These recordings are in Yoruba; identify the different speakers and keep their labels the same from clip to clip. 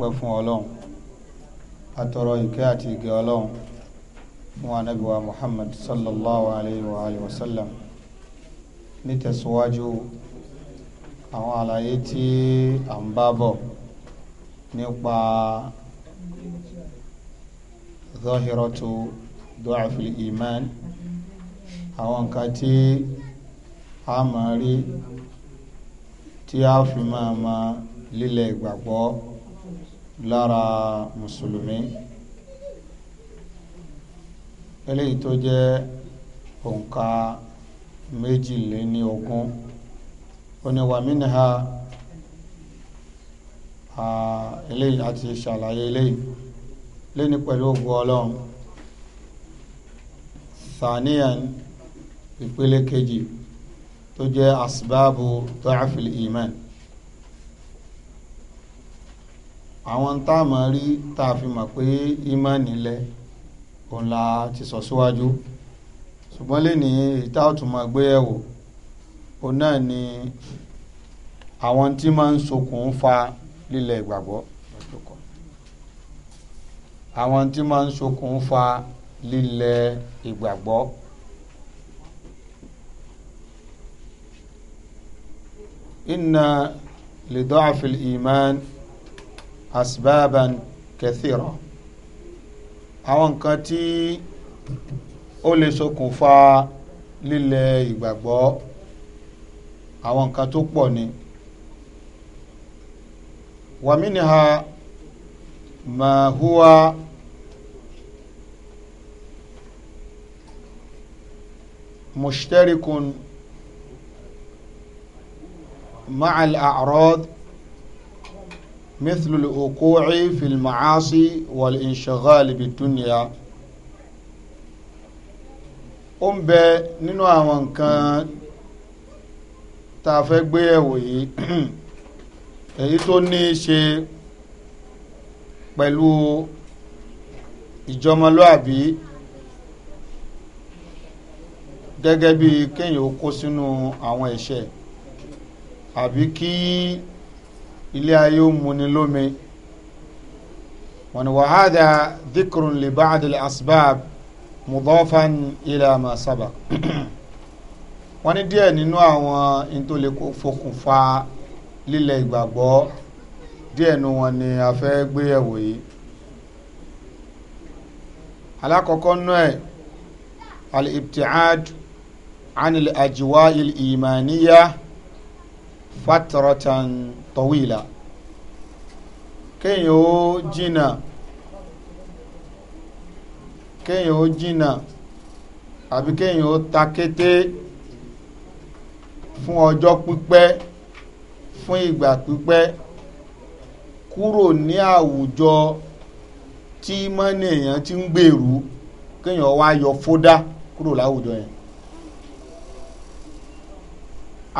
Speaker 1: dúpẹ́ fún ọlọ́run atọrọ ìkẹ́ àti ìgẹ́ ọlọ́run fún ànábì wa muhammad sallallahu alayhi wa alayhi wa sallam nítẹ̀síwájú àwọn àlàyé tí a ń bá bọ̀ nípa zahiratu du'afil iman àwọn nǹkan tí a máa rí tí a fi máa ma lílẹ̀ ìgbàgbọ́ lára mùsùlùmí eléyìí tó jẹ́ òǹkà méjìléní ogún oníwà mínìhà eléyìí àti ṣàlàyé eléyìí léni pẹ̀lú ògbó ọlọ́run sàníyàn ìpele kejì tó jẹ́ asbáàbù tó àfìlì ìmánì àwọn tá a máa rí tá a fi mọ̀ pé ìmọ̀ nílẹ̀ òun la ti sọ síwájú ṣùgbọ́n lè ní ìta ọ̀tún gbé ẹ̀wò òun náà ni àwọn tí máa ń sokùn fa lílẹ̀ ìgbàgbọ́ àwọn tí máa ń sokùn fa lílẹ̀ ìgbàgbọ́. inna lidọ́àfil iman asbaban kathira àwọn nǹkan tí ó lè ṣokùnfà lílẹ̀ ìgbàgbọ́ àwọn nǹkan tó pọ̀ ni wa minha ma huwa mushtarikun مثل الوقوع في المعاصي والانشغال بالدنيا ó ń bẹ nínú àwọn nǹkan tá a fẹ́ gbé ẹ̀wò yìí èyí tó ní í ṣe pẹ̀lú ìjọmọlúàbí gẹ́gẹ́ bí kéèyàn ó kó sínú àwọn ẹ̀ṣẹ̀ àbí kí. Ki ilé ayé ó muni lómi wọn ni wàhádà dhikrun li ba'd al asbab mudafan ila ma sabaq wọn ní díẹ̀ nínú àwọn ntòlè fokùnfà lílẹ̀ ìgbàgbọ́ díẹ̀ nu wọn ni a fẹ́ yìí alákọ̀ọ́kọ́ nú ẹ̀ al anil ajiwa il imaniya fatratan tọ́wìlà kéèyàn ó jìnà kéèyàn ó jìnà àbí kéèyàn ó ta kété fún ọjọ́ pípẹ́ fún ìgbà pípẹ́ kúrò ní àwùjọ tí mọ́nì èèyàn ti ń gbèrú kéèyàn wá yọ fódá kúrò láwùjọ yẹn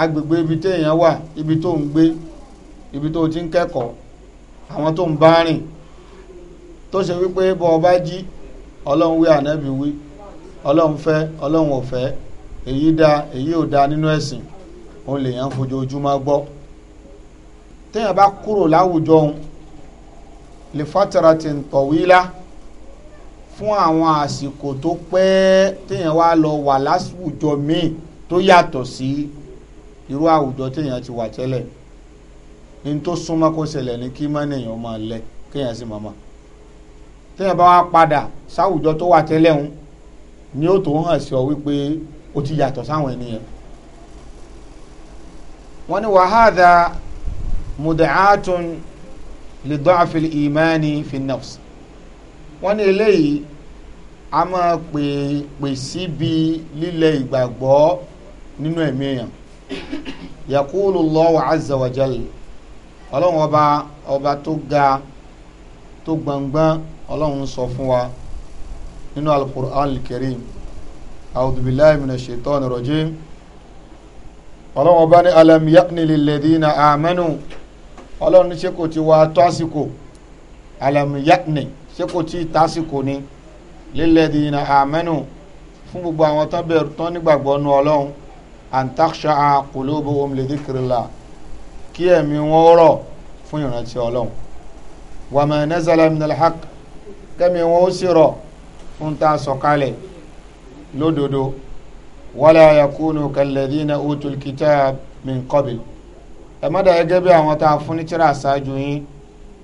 Speaker 1: agbègbè ibi téèyàn wà ibi tó ń gbé ibi tó ti ń kẹ́kọ̀ọ́ àwọn tó ń bá rìn tó ṣe wípé bọ́ ọ bá jí ọlọ́run wí ànábì wí ọlọ́run fẹ́ ọlọ́run ò fẹ́ èyí dáa èyí ò dáa nínú ẹ̀sìn òun lèèyàn fojoojúmọ́ gbọ́ téèyàn bá kúrò láwùjọ òun lè fàtàrà ti ń tọ̀wílá fún àwọn àsìkò tó pẹ́ téèyàn wá lọ wà láwùjọ míì tó yàtọ̀ sí irú àwùjọ téèyàn ti wà tẹ́lẹ̀ ní tó súnmọ́ kó ṣẹlẹ̀ ní kí mọ́ nìyẹn máa lẹ kéèyàn sì máa mọ́ téèyàn bá wá padà sáwùjọ tó wà tẹ́lẹ̀ ń ni ó tó hàn sí ọ wípé ó ti yàtọ̀ sáwọn ènìyàn wọ́n ní wàhádà mùdàátùn lè dọ́àfi ìmáni fi wọ́n ní eléyìí a máa pè pè síbi lílẹ̀ ìgbàgbọ́ nínú ẹ̀mí èèyàn yakulu Allahu azza ọlọ́run ọba ọba tó ga tó gbọ̀ngbọ́n ọlọ́run sọ fún wa nínú alukur'an al-karim awudubilayi mina shaitan rojim ọlọ́run ọba ní alam yaqni lilladina amanu ọlọ́run ṣe kò ti wá tásìkò alam yaqni ṣe kò ti tásìkò ni lilladina amanu fún gbogbo àwọn tán bẹ̀rù tán nígbàgbọ́ nu ọlọ́run an takhsha'a qulubuhum li dhikrillah kí ẹ̀mí wọn rọ̀ fún ìrántí ọlọ́run wa ma nazala minal haq kẹ́mi wọn ó sì rọ̀ fún tá a sọ̀kalẹ̀ lódodo wala yakunu kalladhina utul kitab min qabl ẹ má dà gẹ́gẹ́ bí àwọn tá a fún ní tíra yín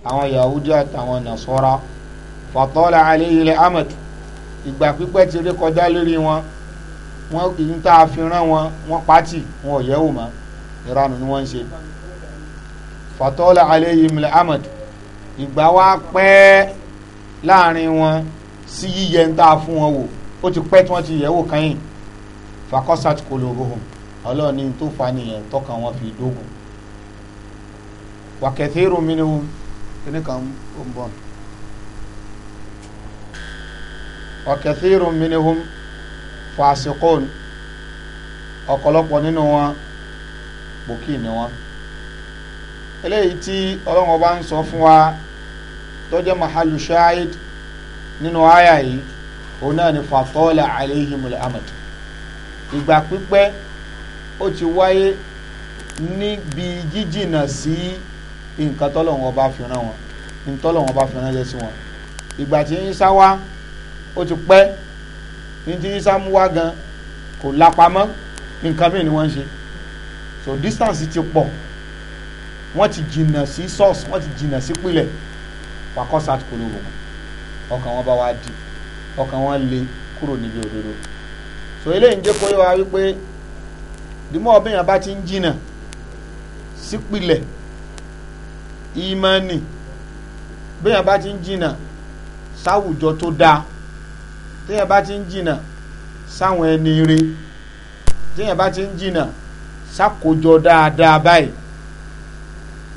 Speaker 1: àwọn yahudi àtàwọn nasọ́ra fatọ́lá alayhil amad ìgbà pípẹ́ ti rí kọjá lórí wọn wọn ìyún tá wọn wọn pátì wọn ò yẹ̀wò mọ́ ìranù ni wọ́n ń ṣe. fatola alayhim al-amad ìgbà wa pẹ́ láàrin wọn sí yíyẹ ń tà fún wọn wò ó ti pẹ́ tí wọ́n ti yẹ̀ wò kẹ́yìn ọlọ́ọ̀ni fa nìyẹn tọkàn wọn fi dógùn ni ó ń bọ̀ wàkẹ́tẹ́rù mi ni ọ̀pọ̀lọpọ̀ nínú wọn ni eléyìí tí ọlọ́run ọba ń sọ fún wa tó jẹ́ mahalu shahid nínú àyà yìí òun náà ni fatọ́lá aleihimul amad ìgbà pípẹ́ ó ti wáyé níbi jíjìnà sí nǹkan tọ́lọ́run ọba fi rán wọn ntọ́lọ́run ọba fi ránṣẹ́ sí wọn ìgbà tí yínsá wá ó ti pẹ́ ní tí yínsá mú wá gan kò lápamọ́ nǹkan mìíràn ni wọ́n ń ṣe so distance ti pọ̀ wọ́n ti jìnnà sí sọ́ọ̀sì wọ́n ti jìnnà sí pilẹ̀ wàkọ́sà ti polówó wọn ọkàn wọn bá wá di ọkàn wọn lé kúrò níbi òdodo so eléyìí ń jẹ́ kó yé wa wípé dìmọ́ ọbẹ̀yàn bá ti ń jìnnà sí pilẹ̀ ìmánì bẹ́yàn bá ti ń jìnnà sáwùjọ tó dáa téèyàn bá ti ń jìnnà sáwọn ẹni ire téèyàn bá ti ń jìnnà sákòjọ dáadáa báyìí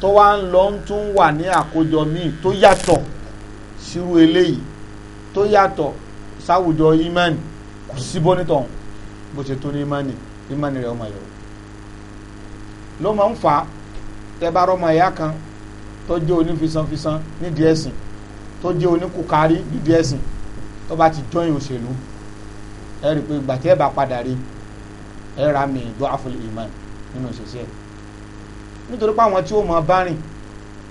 Speaker 1: tó wá ń lọ tún wà ní àkójọ míì tó yàtọ̀ sírú eléyìí tó yàtọ̀ sáwùjọ ìmánì kò sí bọ́nítọ̀ bó ṣe tó ní ìmánì ìmánì rẹ̀ ọmọ yòó ló máa ń fà á tẹ́bárọ́ ọmọ ẹ̀yà kan tó jẹ́ onífisanfisan nídìí ẹ̀sìn tó jẹ́ oníkùkárí nídìí ẹ̀sìn tó bá ti jọyìn òṣèlú ẹ rí i pé ìgbà tí ẹ bá padà rí ẹ ra mi ìdó àfọlẹ̀ ìmánì nínú òṣìṣẹ́ yìí nítorí pé àwọn tí ó mọ bá rìn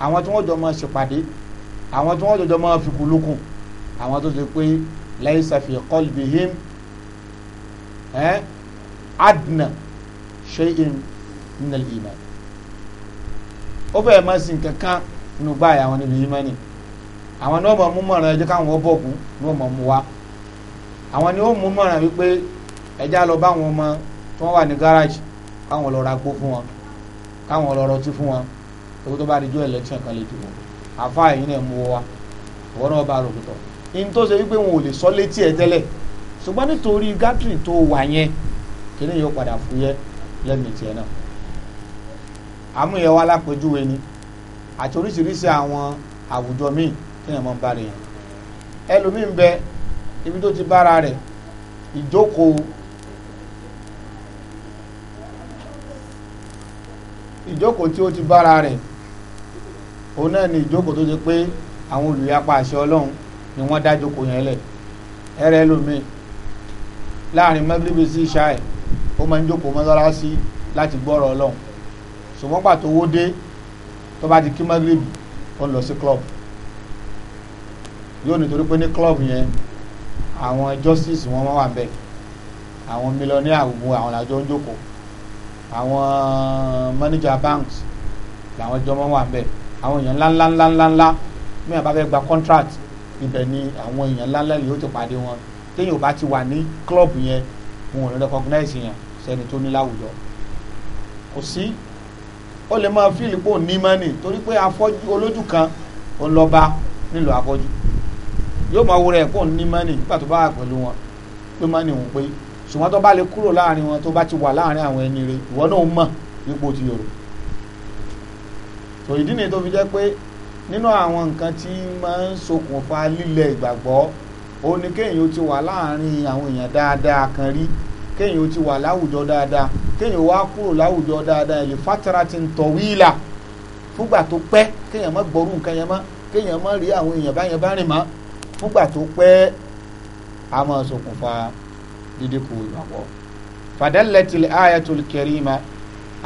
Speaker 1: àwọn tí wọ́n jọ mọ ṣèpàdé àwọn tí wọ́n jọjọ mọ fikùnlukùn àwọn tó ṣe pé laysa fi qalbihim ẹ́ adna shay'in min al-iman ó fẹ́ẹ̀ máa sin kankan nínú báyìí àwọn níbi ìmánì àwọn náà mọ̀ mú mọ̀ràn ẹjọ́ káwọn bọ̀kú ní ó mọ̀ mú wa àwọn ni ó mú mọ̀ràn wípé ẹjá lọ bá àwọn ọmọ tí wọ́n wà ní gáràjì káwọn lọ ra gbó fún wọn káwọn ọlọ́rọ̀ ti fún wọn owó tó bá di jó election kan lè dìbò àfa yìí náà mú wa ìwọ náà bá rò pìtọ̀ in tó ṣe wípé wọn ò lè sọ létí ẹ tẹ́lẹ̀ ṣùgbọ́n nítorí gátìrì tó wà yẹn kíní yóò padà fúyẹ́ lẹ́mìí tiẹ̀ náà àmúyẹ̀wò alápèjúwe ni àti oríṣiríṣi àwọn àwùjọ míì téèyàn máa ń bá rèèyàn ẹlòmíì ń bẹ ibi tó ti bára rẹ̀ ìjókòó ìjókòó tí ó ti bára rẹ̀ òun náà ni ìjókòó tó ti pé àwọn olùyapa àṣẹ ọlọ́run ni wọ́n dá jókòó yẹn lẹ̀ ẹ̀rẹ́ lómìn láàrin mẹ́gíríbì sí ṣáì ó máa ń jókòó mọ́sálásí láti gbọ́rọ̀ ọlọ́run ṣùgbọ́n pàtó owó dé tó bá ti kí mẹ́gíríbì ó ń lọ sí club yóò nítorí pé ní club yẹn àwọn justice wọn máa wà bẹ́ẹ̀ àwọn mílíọ̀nì àwùjọ àwọn làjọ ń jókòó àwọn manager banks làwọn jọmọ wà bẹ́ẹ̀ àwọn èèyàn ńláńlá ńláńlá ńlá mẹ́rin bá fẹ́ gba contract ibẹ̀ ni àwọn èèyàn ńláńlá yìí ó ti pàdé wọn téèyàn ò bá ti wà ní club yẹn wọn ò lè recognize yẹn sẹ́ni tó ní láwùjọ kò sí ó lè máa fíìlì pò ní mọ́nì torí pé afọ́jú olójú kan ó ń lọ bá nílò afọ́jú yóò máa wo rẹ̀ pò ní mọ́nì nígbà tó bá wà pẹ̀lú wọn pé mọ́nì òun pé ṣùgbọ́n tó bá lè kúrò láàrin wọn tó bá ti wà láàrin àwọn ẹni rẹ ìwọ náà mọ̀ ipò ti yòrò tó ìdí nìyí tó fi jẹ́ pé nínú àwọn nǹkan tí máa ń ṣokùnfà lílẹ̀ ìgbàgbọ́ ó ní kéèyàn ó ti wà láàrin àwọn èèyàn dáadáa kan rí kéèyàn ó ti wà láwùjọ dáadáa kéèyàn wá kúrò láwùjọ dáadáa ìlú fatara ti ń tọ̀ wíìlà fúgbà tó pẹ́ kéèyàn má gbọ́rú nǹkan yẹn mọ́ kéèyàn má rí àwọn èèyàn báyẹn bá rìn mọ́ fúgbà tó pẹ́ a máa ṣokùnfà dídínkù ìgbàgbọ́ fàdálẹ́tìlì ayatul kẹrìmà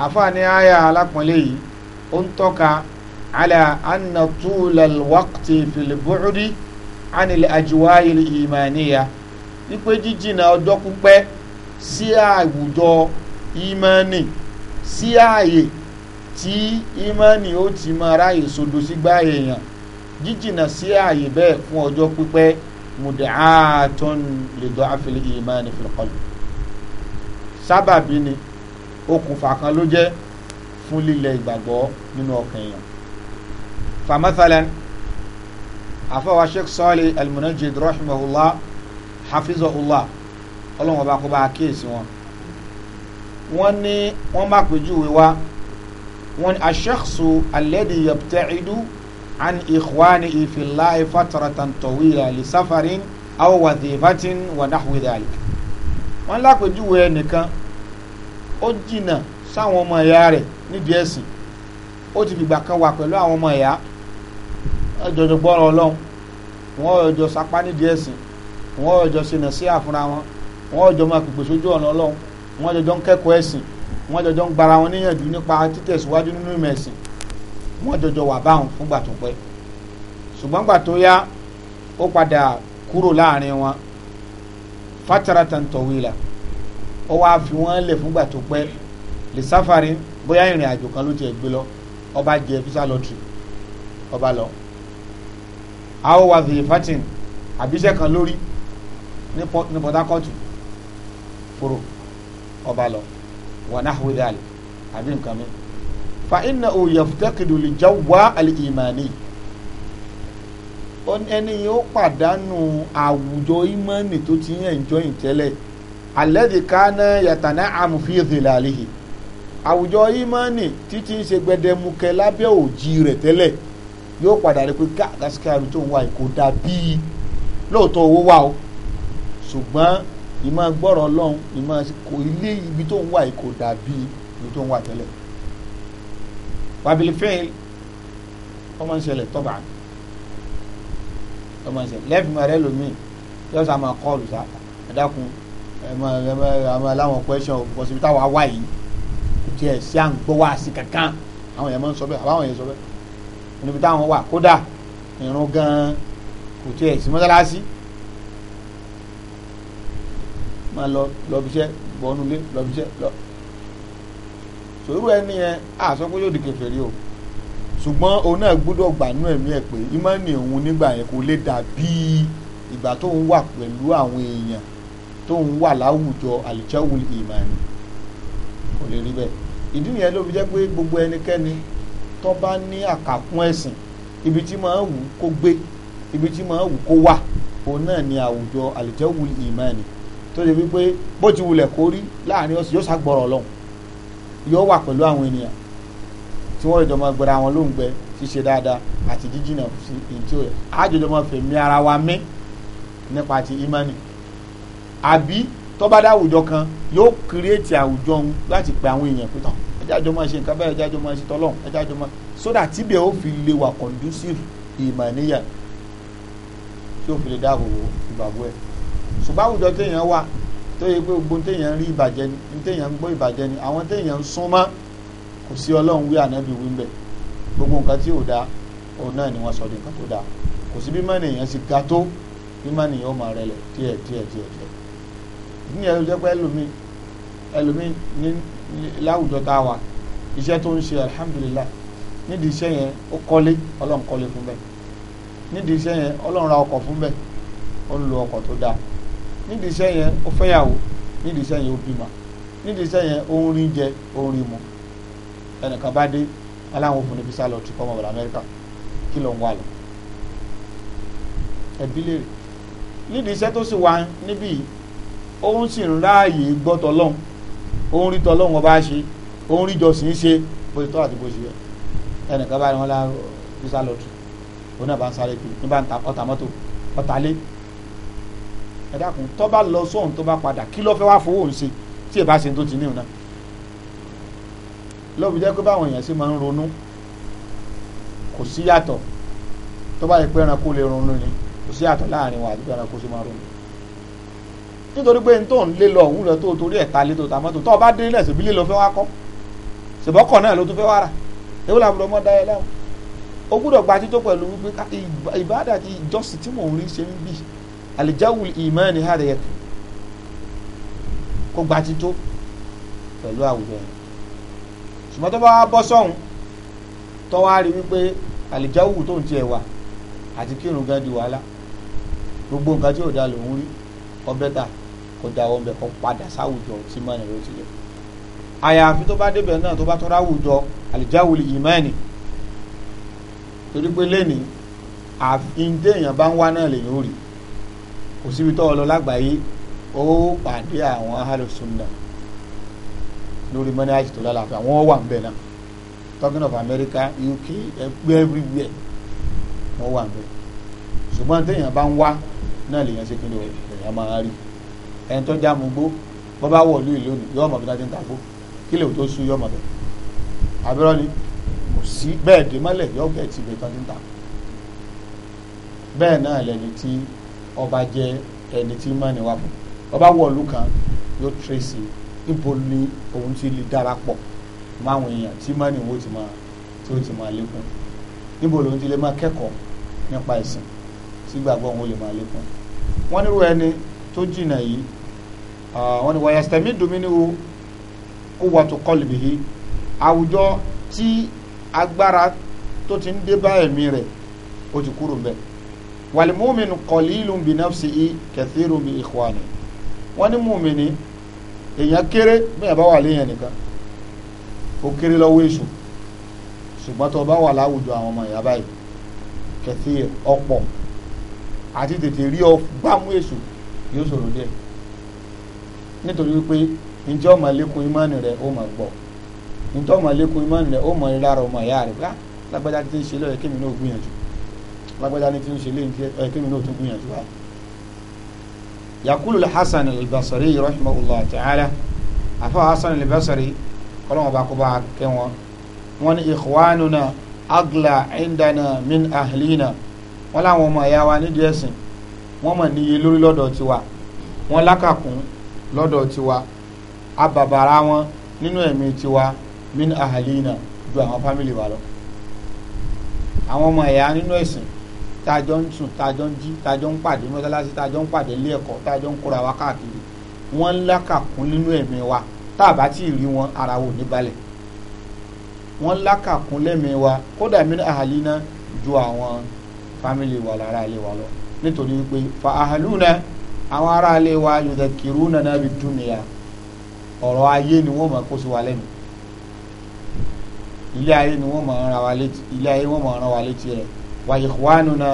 Speaker 1: àfààní àyà alápọ̀nlé yìí ó ń tọ́ka ala anna tulal waqti filibuudi anil ajuwayil imaniya wípé jíjìnà ọjọ́ pípẹ́ sí àwùjọ imani sí ààyè tí imani ó ti máa ráyè sodo sígbà èèyàn jíjìnà sí ààyè bẹ́ẹ̀ fún ọjọ́ pípẹ́ mùdàátún lè dọ́ àfẹlẹ ìmánì fìlọ́kọ́lù sábàbí ni okùnfà kan ló jẹ́ fún lílẹ̀ ìgbàgbọ́ nínú ọkàn èèyàn famathalan afọwà sheikh sọ́ọ̀lì almunajid rahimahullah hafizahullah ọlọ́wọ́n bá kó bá kíyèsí wọn wọ́n ní wọ́n má pèjúwe wa wọ́n ní ash-shakhsu alladhi yabta'idu. عن إخوانه في الله فترة طويلة لسفر أو وظيفة ونحو ذلك wọ́n lápèjúwe ẹnìkan ó jìnnà sáwọn ọmọ ẹ̀yà rẹ̀ nídìí ẹ̀sìn ó ti fìgbà kan wà pẹ̀lú àwọn ọmọ ẹ̀yà ẹjọ́jọ́ gbọ́rọ̀ ọlọ́run wọ́n ọjọ́ sapá nídìí ẹ̀sìn wọ́n ọjọ́ sinà sí àfúnra wọn wọ́n ọjọ́ máa pèpè sójú ọ̀nà ọlọ́run wọ́n ọjọ́ ń kẹ́kọ̀ọ́ ẹ̀sìn wọ́n ọjọ́ ń gbara wọn níyànjú nípa títẹ̀síwájú nínú ìmọ̀ ẹ̀sìn wọ́n jọjọ wà báwọn fúngbà tó pẹ́ ṣùgbọ́n gbà tó yá ó padà kúrò láàrin wọn fataratan tawila ó wáá fi wọ́n lẹ̀ fúngbà tó pẹ́ lè sáfàrí bóyá ìrìn àjò kan ló tiẹ̀ gbé lọ ọba jẹ visa lottery ọba lọ àwọn wà fi fatin àbíṣẹ́ kan lórí ní Port Harcourt fòrò ọba lọ wà náà wíwáyà àbí nǹkan mìíràn fa iná òyàfùtẹ́kìdù lè já wá àlìkìmánì ẹni yóò pàdánù àwùjọ ìmánì tó ti ń enjoy tẹ́lẹ̀ alẹ́dì kánà yàtàná àmùfí ìdìlàlìhì àwùjọ ìmánì títí ń ṣe gbẹdẹmukẹ lábẹ́ òjì rẹ̀ tẹ́lẹ̀ yóò padà rí pé ká àdásíkà rí tó ń wá ìkó dà lóòótọ́ owó wà o ṣùgbọ́n ìmọ̀ gbọ́rọ̀ ọlọ́run ìmọ̀ ilé ibi tó ń wá ìkó dà ibi tó ń wá tẹ́lẹ̀ wàbílífẹ́ẹ̀lì ọmọ ìṣẹ̀lẹ̀ tọ́ba ọmọ ìṣẹ̀lẹ̀ lẹ́fìmọ̀ rẹ lómi yóò sá máa kọ́ọ̀lù sá ẹ̀dákun ẹ̀mọ ẹ̀mọ ẹ̀mọ aláwọn question bọ̀sibí táwọn awá yìí tiẹ̀ sí à ń gbọ́ wá sí kankan àwọn yẹn máa ń sọ bẹ́ẹ̀ àbáwọn yẹn sọ bẹ́ẹ̀ níbi táwọn wà kódà ìrún gan-an kò tiẹ̀ sí mọ́sálásí máa lọ lọ́bíṣẹ́ bọ́ọ̀nù lé lọ́bíṣẹ́ lọ́bíṣẹ́ sòrú ẹni yẹn a sọ pé yóò di kèfèrí o ṣùgbọ́n òun náà gbọ́dọ̀ gbànú ẹ̀mí ẹ̀ pé ìmọ̀ọ́nì òun nígbà yẹn kò lè dà bíi ìgbà tó ń wà pẹ̀lú àwọn èèyàn tó ń wà láwùjọ àlìjáwù ìmọ̀ọ́nì kò lè rí bẹ́ẹ̀ ìdí nìyẹn ló fi jẹ́ pé gbogbo ẹnikẹ́ni tó bá ní àkàkún ẹ̀sìn ibi tí máa wù kó gbé ibi tí máa wù kó wà òun náà ni àwùjọ àlìjáwù ìmọ̀ọ́nì tó lè wí pé bó ti wulẹ̀ kórí láàrin ọ̀sìn yóò sá ọlọ́run yóò wà pẹ̀lú àwọn ènìyàn tí wọ́n ìjọba gbẹ̀rẹ̀ àwọn lóńgbẹ ṣíṣe dáadáa àti jíjìnà sí ètí òyà àjọjọmọ fẹ̀mí ara wa mí nípa ti imani àbí tọ́bádá àwùjọ kan yóò kírètì àwùjọ òun láti pe àwọn èèyàn pé tán ẹjá jọ máa ṣe nǹkan báyìí ẹjá jọ máa ṣe tọ́lọ́hún ẹjá jọ máa sódà tíbẹ̀ ó fi lè wà conducive ìmàníyà tí ó fi lè dáàbò tó yẹ pé gbogbo téèyàn ń rí ìbàjẹ́ ni téèyàn ń gbọ́ ìbàjẹ́ ni àwọn téèyàn ń sún mọ́ kò sí ọlọ́run wí ànábì wí ń bẹ̀ gbogbo nǹkan tí ò dáa òun náà ni wọ́n sọ di nǹkan tó dáa kò sí bí mọ́ni èèyàn ti ga tó bí mọ́ni èèyàn ó máa rẹlẹ̀ díẹ̀ díẹ̀ díẹ̀ díẹ̀ ìdíyẹn ló jẹ́ pé ẹlòmíì ẹlòmíì ní láwùjọ tá a wà iṣẹ́ tó ń ṣe alhamdulillah nídìí iṣẹ́ yẹn ó kọ́lé ọlọ́run kọ́lé fún bẹ́ẹ̀ nídìí iṣẹ́ yẹn ọlọ́run ra ọkọ̀ fún bẹ́ẹ̀ ó ń lo ọkọ̀ tó dáa nídìí iṣẹ́ yẹn ó fẹ́yàwó nídìí iṣẹ́ yẹn ó bímọ nídìí iṣẹ́ yẹn ó ń rí jẹ ó ń rí mu ẹnìkan bá dé aláwọn òfin níbi sálọ tí kọ́ ọmọbìnrin Amẹ́ríkà kí ló ń wà lọ ẹbí léèrè nídìí iṣẹ́ tó sì wà níbí ó ń sì ń ráàyè gbọ́ tọlọ́hún ó ń rí tọlọ́hún ọba ṣe ó ń rí jọsìn ṣe bó ṣe tọ́ àti bó ṣe yẹ ẹnìkan bá rí wọn lá bí sálọ tù ó náà bá ń sáré kiri ní ń ta ọta mọ́tò ọta lé ẹ dákun tó bá lọ sóhun tó bá padà kí ló fẹ́ wá fowó ń ṣe tí ẹ bá ṣe tó ti ní ìná lọ́bi jẹ́ pé báwọn èèyàn ṣe máa ń ronú kò sí yàtọ̀ tó bá yẹ pé ẹranko lè ronú ni kò sí yàtọ̀ láàrin wa àti pé ẹranko ṣe máa ronú nítorí pé n tó ń lé lọ òun lọ tó torí ẹ̀ta lé tó ta mọ́tò tó o bá dé nílẹ̀ ṣèbí lé lọ fẹ́ wá kọ́ ṣèbọ́kọ̀ náà ló tún fẹ́ wá rà ewu làbúrò ọmọ dáyẹ lẹ́wọ̀n o gbúdọ̀ gba pẹ̀lú wípé ìbádà ìjọsìn tí mò ń rí ṣe ń bì alijawul imani hada yẹ kó gba tító pẹ̀lú àwùjọ yẹn ṣùgbọ́n tó bá wá bọ́ sọ́hún tó wá rí wípé àlìjáwù tó ń tiẹ̀ wà àti kírun gan di wàhálà gbogbo nǹkan tí ò da lòún rí ọbẹ̀ ta kò da ọbẹ̀ kan padà sáwùjọ tí mọ́ni ló ti lẹ̀ àyàfi tó bá débẹ̀ náà tó bá tọ́ra àwùjọ àlìjáwù lè torí pé lẹ́nìí àfi ń dé èèyàn bá ń wá náà lèyìn ó rí kò síbi tó lọ lágbàáyé ó pàdé àwọn alùsùnà lórí mọ́nájì tó lálàáfíà wọ́n wà ń bẹ̀ náà talking of America UK ẹgbẹ́ everywhere wọ́n wà ń bẹ̀ ṣùgbọ́n téèyàn bá ń wá náà lèèyàn ṣe kíni èèyàn máa rí ẹni tó já mu gbó bọ́ bá wọ̀ lóyè lónìí yóò mọ̀ bí wọ́n ti ń ta kí lè tó sú yóò mọ̀ bẹ̀ àbúrò ni kò sí bẹ́ẹ̀ dé mọ́lẹ̀ yóò gẹ̀ tì bẹ́ẹ̀ tó ń ta bẹ́ẹ̀ náà lẹni tí ọba jẹ́ ẹni tí mọ̀ níwá fún ọba wọ̀lú kan yóò tracy ibo ni òun ti lè darapọ̀ máwọn èèyàn tí mọ̀ níwó ti máa tí ó ti máa lékún níbo lòun ti lè máa kẹ́kọ̀ọ́ nípa ìsìn tí gbàgbọ́ òun lè máa lékún wọ́n nírú ẹni tó jìnnà yìí wọ́n ní wọ́n yẹsẹ̀mí dominiwo kó wọ́n tó kọ́ lùbìyí àwùjọ tí agbára tó ti ń dé bá ẹ̀mí rẹ̀ ó ti kúrò mbẹ́ẹ̀ wàlímùmínú kọ̀lílù bí nafsi i kẹ̀síìrù bí ìkwani wọ́n ní mùmínì èèyàn kéré bẹ́ẹ̀ bá wà léèyàn nìkan ó kéré lọ́wọ́ èṣù ṣùgbọ́n tó bá wà láwùjọ àwọn ọmọ ìyá báyìí kẹ̀síìr ọ̀pọ̀ àti tètè rí ọ gbámú èṣù yóò ṣòro díẹ̀ nítorí wípé ǹjẹ́ ọmọ lẹ́kùn ìmánì rẹ̀ ó máa gbọ́ ǹjẹ́ ọmọ lẹ́kùn ìmánì rẹ̀ ó mọ ìlara ọmọ ìyá rẹ̀ lágbájá ti ń ṣe lọ́yẹ̀ kémi náà gbìyànjú lágbádá ní tí ń ṣe lé ní ẹ kí mi náà tún gbìyànjú wa. yakulu hasan albasari rahimahullah ta'ala afa hasan albasari kọ́lọ́wọ́n bá kó bá kẹ́ wọn wọn ni ikhwanuna agla indana min ahlina wọn làwọn ọmọ ẹ̀yà wa nídìí ẹ̀sìn wọn mọ̀ níye lórí lọ́dọ̀ tiwa wọn lákàkún lọ́dọ̀ tiwa abàbàrà wọn nínú ẹ̀mí tiwa min ahlina ju àwọn fámìlì wa lọ àwọn ọmọ ẹ̀yà nínú ẹ̀sìn tájọ ń sùn tájọ ń jí tájọ ń pàdé mọ́sálásí tájọ ń pàdé ilé ẹ̀kọ́ tájọ ń kóra wa káàkiri wọ́n ń lákàkún nínú ẹ̀mí wa tá a bá tí ì rí wọn ara wò ní balẹ̀ wọ́n lákàkún lẹ́mí wa kódà mí ní àhàlí náà ju àwọn fámìlì wa lára ilé wa lọ nítorí wípé fa àhàlú náà àwọn ará ilé wa yòókè kìrú nàná bí dúnìyà ọ̀rọ̀ ayé ni wọ́n máa kó sí wa lẹ́nu ilé ayé ni wọ́n máa ń wa ikhwanuna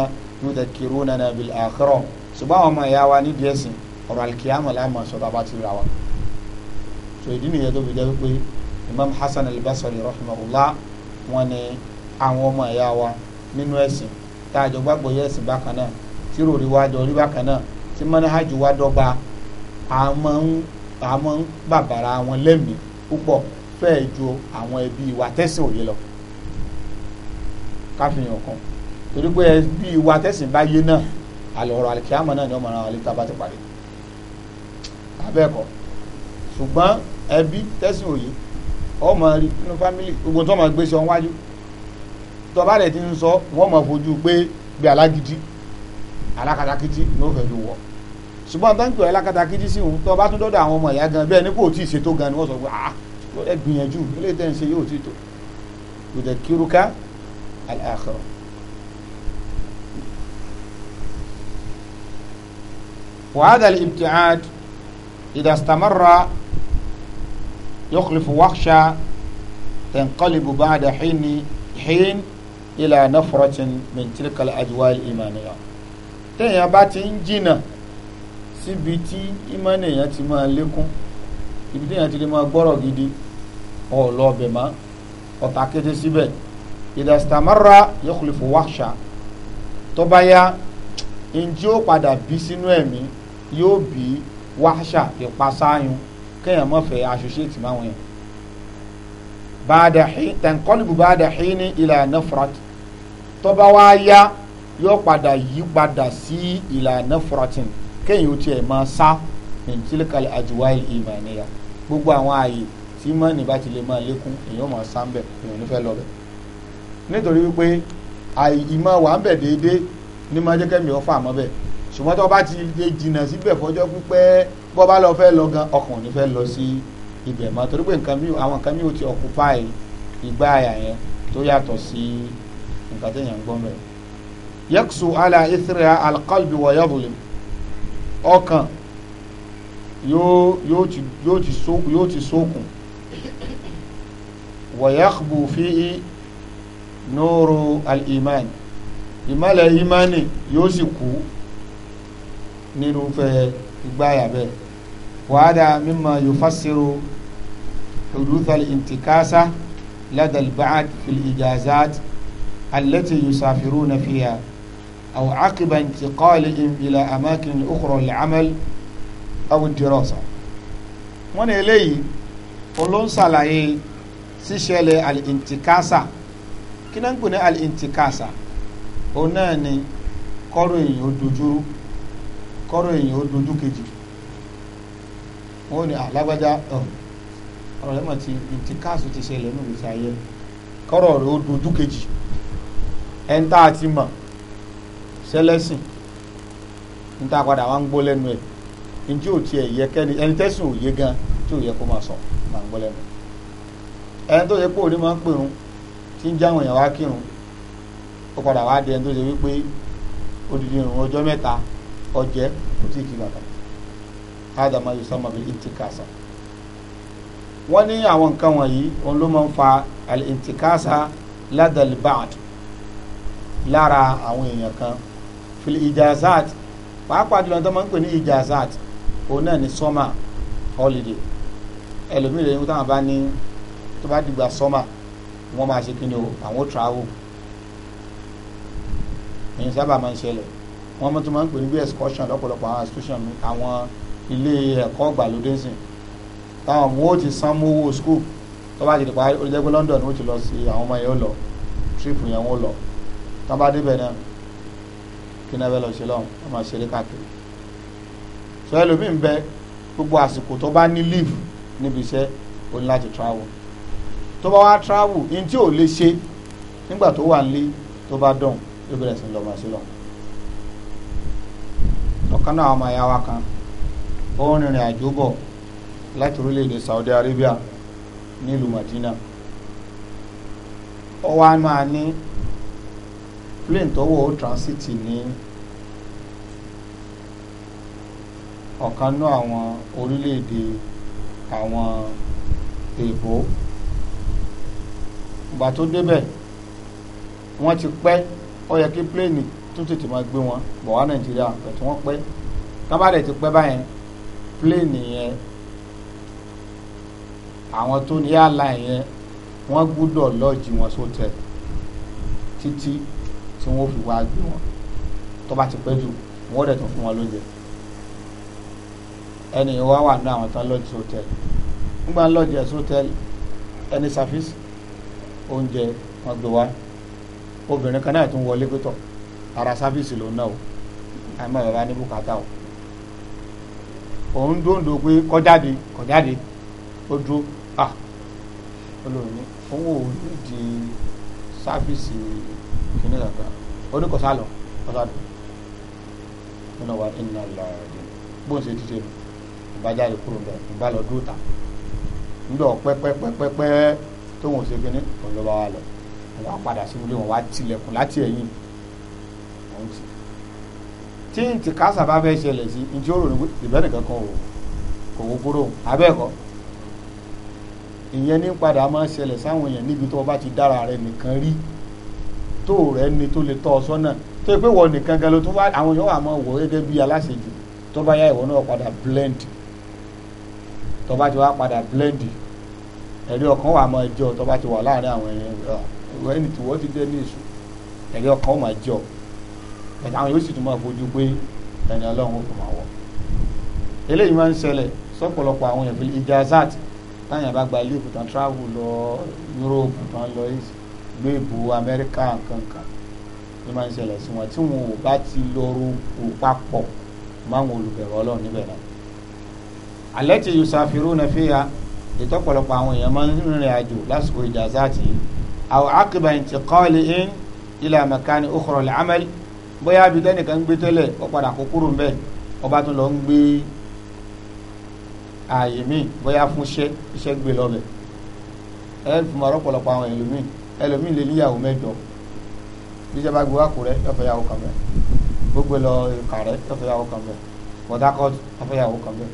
Speaker 1: yudhakkirunana bil akhirah ṣùgbọ́n àwọn ọmọ ìyá wa ní díẹ̀ sìn ọ̀rọ̀ alikiyama la máa sọ̀rọ̀ abá ti ra wa so ìdí nìyẹn tó fi jẹ́ pé imam hasan al-basri rahimahullah wọn ni àwọn ọmọ ìyá wa nínú ẹ̀sìn tá a jọ gbàgbọ́ yẹ ẹ̀sìn bákan náà tí ròrí wa jọ rí bákan náà tí mọ́náhájú wa dọ́gba àmọ́ ń àmọ́ ń bàbàrà wọn lẹ́mìí púpọ̀ fẹ́ẹ̀ ju àwọn ẹbí wa tẹ́sí òye lọ káfíńyàn kan torí pé bí ìwà tẹ̀sìn bá yé náà àlọ́rọ̀ àlìkíyàmọ̀ náà ni ọmọ náà alẹ́ tábà ti parí abẹ́ẹ̀kọ́ ṣùgbọ́n ẹbí tẹ̀sìn òye ọmọ rí nínú fámìlì gbogbo tó máa gbé sọ wájú tó bá rẹ̀ ti ń sọ wọ́n máa fojú pé bí alágídí alákatakítí ló fẹ́ ló wọ̀ ṣùgbọ́n tó ń pè alákatakítí sí òun tó bá tún dọ́dọ̀ àwọn ọmọ ìyá gan bẹ́ẹ̀ ni kò tí ì ṣètò gan ni wọ́n sọ pé ah ẹ gbìyànjú eléyìí tẹ̀ ń ṣe yóò tí tò kò dẹ̀ kíruka al-akhirah وهذا الابتعاد إذا استمر يخلف وخشى تنقلب بعد حين حين إلى نفرة من تلك الأجواء الإيمانية téèyàn bá ti ń jìnnà síbi tí ìmánì èèyàn ti máa lékún ibi téèyàn ti lè máa gbọ́rọ̀ gidi ọ̀lọ́ ọbẹ̀ mọ́ ọ̀tà kété síbẹ̀ ìdàsítàmárà yọkùlẹ̀fọ̀ wáṣà tó bá yá ǹjẹ́ ó padà bí sínú ẹ̀mí yóò bí wáṣà ìpasáyún kéèyàn má fẹ́ associate máwọn yẹn bàdàhí tẹ̀ǹkọ́lùbù bàdàhí ní ìlà nafrat tó bá wá yá yóò padà yí padà sí ìlà nafratin kéèyàn ó tiẹ̀ máa sá mìtílíkàlì àjùwá ìmánìyà gbogbo àwọn ààyè tí mọ́ọ̀nì bá ti lè máa lékún èèyàn máa sá ń bẹ̀ èèyàn nífẹ̀ẹ́ lọ bẹ̀ nítorí wípé àìmọ̀ wà ń bẹ̀ déédéé ní máa ọ̀fà mọ́ bẹ́ẹ̀ ṣùgbọ́n tó bá ti lè jìnnà síbẹ̀ fọjọ́ pípẹ́ bọ́ bá lọ fẹ́ lọ gan ọkàn ò ní fẹ́ lọ sí ibẹ̀ mọ́ torí pé nǹkan mi àwọn nǹkan mi ò ti occupy ìgbà àyà yẹn tó yàtọ̀ sí nǹkan tẹ̀yàn ń gbọ́ mẹ́. yẹ́kùsù ala ithra alqalbi wa yadhlim ọkàn yóò ti yóò ti sókun wa yakhbu fihi nuru al-iman imani yóò sì kú nírúfẹ́ ìgbáyà bẹ́ẹ̀ wàhádà mímọ yòfásirò huduthal intikasa ladal ba'ad fil ijazat التي يسافرون فيها أو عقب انتقالهم إلى أماكن أخرى للعمل أو الدراسة wọ́n ní eléyìí olóńsàlàyé ṣíṣẹlẹ̀ alìntìkásà kí náà ń pè ní alìntìkásà òun náà ni kọ́ròyìn òdòdúró kọ́rọ̀ èyàn ó dojú kejì wọ́n ní alágbájá um, ọ̀rọ̀ ọrụ mọ̀ ti ti káàsù ti ṣẹlẹ̀ nínú ìgbésí ayé kọ́rọ̀ rẹ̀ ó dojú kejì ẹni tá a ti mọ̀ sẹ́lẹ̀sìn ní tá a padà wá ń lẹ́nu ẹ̀ ò tiẹ̀ yẹ kẹ́ni ẹni ò yé gan tí ò yẹ kó máa sọ máa ń lẹ́nu ẹni tó yẹ pé òní máa ń tí ń jáwọn èèyàn wá kírun ó padà wá di ẹni tó ọjẹ́ kò tí ì kí bàtà ádámà yóò sábà bí intikasa wọ́n ní àwọn nǹkan wọ̀nyí òun ló máa ń fa al-intikasa ladalbaad lára àwọn èèyàn kan fili ijazat pàápàá jùlọ tó máa ń pè ní ijazat òun náà ní summer holiday ẹlòmíì lè ní táwọn bá ní tó bá dìgbà summer wọ́n máa ṣe kí ni o àwọn travel èyí sábà máa ń ṣẹlẹ̀ wọ́n mọ̀ tó máa ń pè ní bí excursion lọ́pọ̀lọpọ̀ àwọn institution mi àwọn ilé ẹ̀kọ́ ìgbàlódé sìn táwọn ọmọ ó ti san mówó school tó bá ti di parí olùjẹ́gbẹ́ London ó ti lọ sí àwọn ọmọ yẹn ó lọ trip yẹn ó lọ tó bá débẹ̀ náà kí náà bẹ́ẹ̀ lọ ṣe lọ́hùn wọ́n máa ṣeré káàkiri sọ ẹlòmíín bẹ gbogbo àsìkò tó bá ní leave níbi iṣẹ́ ó ní láti travel tó bá wá travel ní tí ò lè ṣe nígbà tó wà nílé tó bá dùn ó bẹ̀rẹ̀ sí lọ́ọ́ máa ṣe lọ́hùn ọ̀kan náà àwọn ọmọ ẹ̀yà wa kan ó ń rìnrìn àjò bọ̀ láti orílẹ̀-èdè Saudi Arabia nílùú Madina ó wá máa ní plane tó wọ̀ ó transit ní ọ̀kan náà àwọn orílẹ̀-èdè àwọn èèbó ìgbà tó débẹ̀ wọ́n ti pẹ́ ó yẹ kí pléènì tó tètè máa gbé wọn bọ̀ wá Nàìjíríà pẹ̀tù wọ́n pẹ́ tọ́ba rẹ̀ ti pẹ́ báyẹn pléènì yẹn àwọn tó ní yàrá yẹn wọ́n gbúdọ̀ lọ́ọ̀jì wọn sóòtẹ́ títí tí wọ́n fi wá gbé wọn tọ́ba ti pẹ́ jù wọ́n dẹ̀ tún fún wọn lóúnjẹ ẹni wá wà ní àwọn tán lọ́ọ̀jì sóòtẹ́ nígbà lọ́ọ̀jì sóòtẹ́ ẹni sàfíìsì oúnjẹ wọn gbé wá obìnrin kan náà tún wọlé pé tọ̀ ara sáfíìsì lòun náà o àmọ́ bàbá ní bùkátà o òun dóńdó pé kọjáde kọjáde ó dúró à olóòní òun ò ní di sáfíìsì kìíní kàkà oníkọ̀sá lọ kọ̀sá lọ nínú wa iná lọ́ọ̀dẹ bóun ṣe dídé nù ìbájáde kúrò bẹ́ẹ̀ ìgbà lọ dúró ta ńdọ̀ pẹ́pẹ́pẹ́pẹ́ tóun ṣe kìíní òun ló bá wà lọ wọn padà sí ilé wọn wá tilẹ̀kùn láti ẹ̀yìn òun ti tí tìkásà bá fẹ́ ṣẹlẹ̀ sí ní tí ó rò ní ìbẹ́nìkan kan ò kò wó kúrò abẹ́ẹ̀kọ́ ìyẹn ní padà máa ṣẹlẹ̀ sáwọn èèyàn níbi tó o bá ti dára rẹ nìkan rí tó rẹ ni tó lè tọ́ ọ sọ́nà tó pé wọ nìkan gan ló tó bá àwọn yóò wà máa wọ gẹ́gẹ́ bí aláṣejù tó bá yá ìwọ náà padà blend tó bá ti wá padà blend ẹ̀rí ọkàn wà máa jọ tó bá ti wà láàrin àwọn èèyàn ẹni tí wọ́n ti dé ní èṣù ẹ̀rí ọkàn wà máa jọ ẹni àwọn yóò sì tún máa fojú pé ẹni ọlọ́run ó kò máa wọ̀ eléyìí máa ń ṣẹlẹ̀ sọ́pọ̀lọpọ̀ àwọn èèyàn fìlẹ̀ ijazat táyà bá gba ilé ìbùtàn travel lọ Europe tán lọ ìlú ìbò Amẹ́ríkà kankan ní máa ń ṣẹlẹ̀ sí wọn tí wọn ò bá ti lọ roko papọ̀ máwọn olùbẹ̀rọ ọlọ́run níbẹ̀ náà alẹ́ ti yusafiruna fiha ìtọ́pọ̀lọpọ̀ àwọn èèyàn máa ń rìnrìn àjò lásìkò ijazat yìí àwọn akiba intiqali in ila makani ukhra al-amal bóyá abi tẹnìkan ń gbé tẹ́lẹ̀ ó padà kó kúrò mbẹ ọba tún lọ ń gbé ààyè míì bóyá fún iṣẹ́ iṣẹ́ gbé lọbẹ ẹ fi mọ ọ̀pọ̀lọpọ̀ àwọn ẹlòmíì ẹlòmíì lè níyàwó mẹ́jọ bí ìjọba gbé wá kó rẹ yọfẹ yàwó kan bẹ gbogbo lọ kàrẹ yọfẹ yàwó kan bẹ Port Harcourt yọfẹ yàwó kan bẹ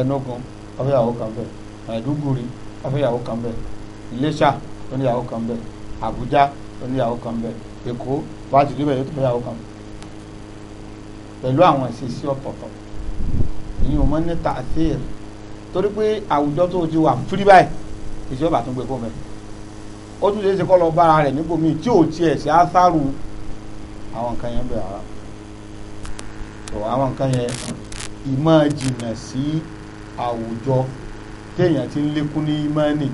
Speaker 1: Enugu yọfẹ yàwó kan bẹ Maiduguri yọfẹ yàwó kan bẹ Iléṣà oníyàwó kan bẹ Àbújá oníyàwó kan bẹ Èkó wájú níbẹ̀ yóò yàwó kan bẹ pẹ̀lú àwọn ìṣesí ọ̀tọ̀ọ̀tọ̀ ìyẹn ò mọ ní tàṣír torí pé àwùjọ tó ti wà fúrí báyìí ìṣèjọba tó ń gbé fún mi ó tún ṣe é ṣe kọ́ lọ bára rẹ̀ níbòmíì tí ò tiẹ̀ ṣe á sárù àwọn nǹkan yẹn bẹ̀rẹ̀ ara tó àwọn nǹkan yẹn ìmọ̀ jìnnà sí àwùjọ téèyàn ti ń lékún ní ìmọ̀ọ́nì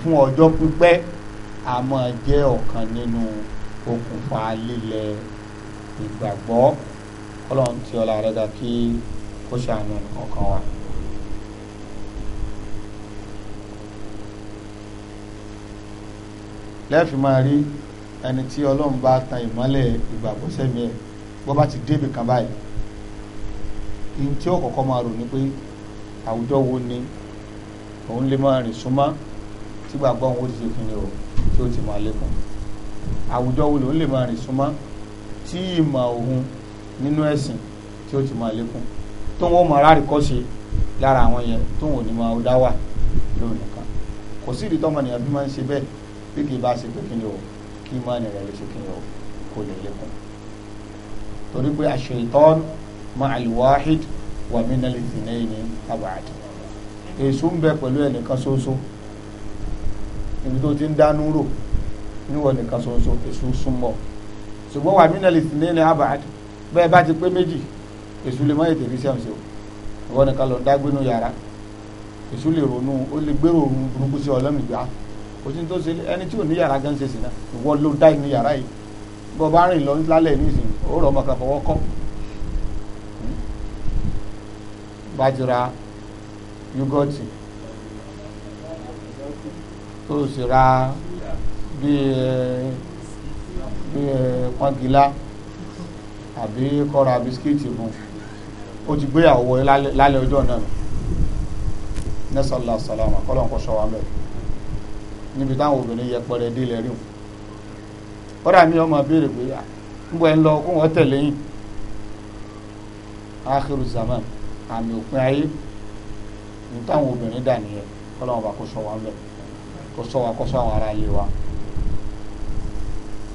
Speaker 1: fún ọjọ́ pípẹ́ àmọ́ jẹ́ ọ̀kan nínú okùnfà lílẹ̀ ìgbàgbọ́ ọlọ́run tí ọlá rẹ̀ dá kí kó ṣàánú ọkàn wa. lẹ́ẹ̀fì máa rí ẹni tí ọlọ́run bá tan ìmọ́lẹ̀ ìgbàgbọ́ sẹ́mi ẹ̀ bó bá ti débì kan báyìí ní tí ó kọ́kọ́ máa rò ní pé àwùjọ wo ni òun lè máa rìn súnmọ́ tí gbàgbọ́ òun ó ti ṣe kí ni o tí ó ti máa lékún àwùjọ wo lòun lè máa rìn súnmọ́ tí ìmọ̀ òun nínú ẹ̀sìn tí ó ti máa lékún tó ń wọ́n máa lára àwọn yẹn tó ń wò ní máa dá wà lónìí nìkan kò sí ìdí tọ́mọ nìyẹn bí máa ń ṣe bẹ́ẹ̀ bí kì í bá ṣe pé kí ni o kí ni wa ab'ad èso ń bẹ pẹ̀lú ẹnìkan ṣoṣo ibi tó ti ń dánú rò níwọ̀n nìkan ṣoṣo wa ab'ad bẹ́ẹ̀ bá ti pé méjì èṣù lè má ètè rí sẹ́wọ̀n sí o ìwọ nìkan lọ dágbénu yàrá èṣù lè ronú ó lè gbèrò òun burúkú sí ọlọ́mì gbà kò sí tó se ẹni tí ò ní yàrá gan ṣe sí náà ìwọ ló dá inú yàrá yìí bọ́ bá rìn lọ lálẹ́ nísìnyí ó rọ ọmọ kan fọwọ́ kọ́ bá ti ra yúgọ́tì tó sì ra bí ẹ eh, bí ẹ eh, pọ́ngilá àbí kọ́ra bisikíìtì fún ó ti gbéyàwó wọlé lálẹ́ ọjọ́ náà nẹ́sàlá sàlámà kọ́lọ́n kọ́ sọ́wọ́ mẹ́rin níbi táwọn obìnrin yẹpẹrẹ dé lẹ́rí wọn kọ́dà mi ọmọ béèrè pé ń ẹ̀ ń lọ kó wọ́n tẹ̀lé yìn áhìrù zaman àmì òpin ayé ní táwọn obìnrin dà nìyẹn kọ́lọ́n ọba kó sọ wa mẹ́rin kó sọ wa kó sọ àwọn ará ilé wa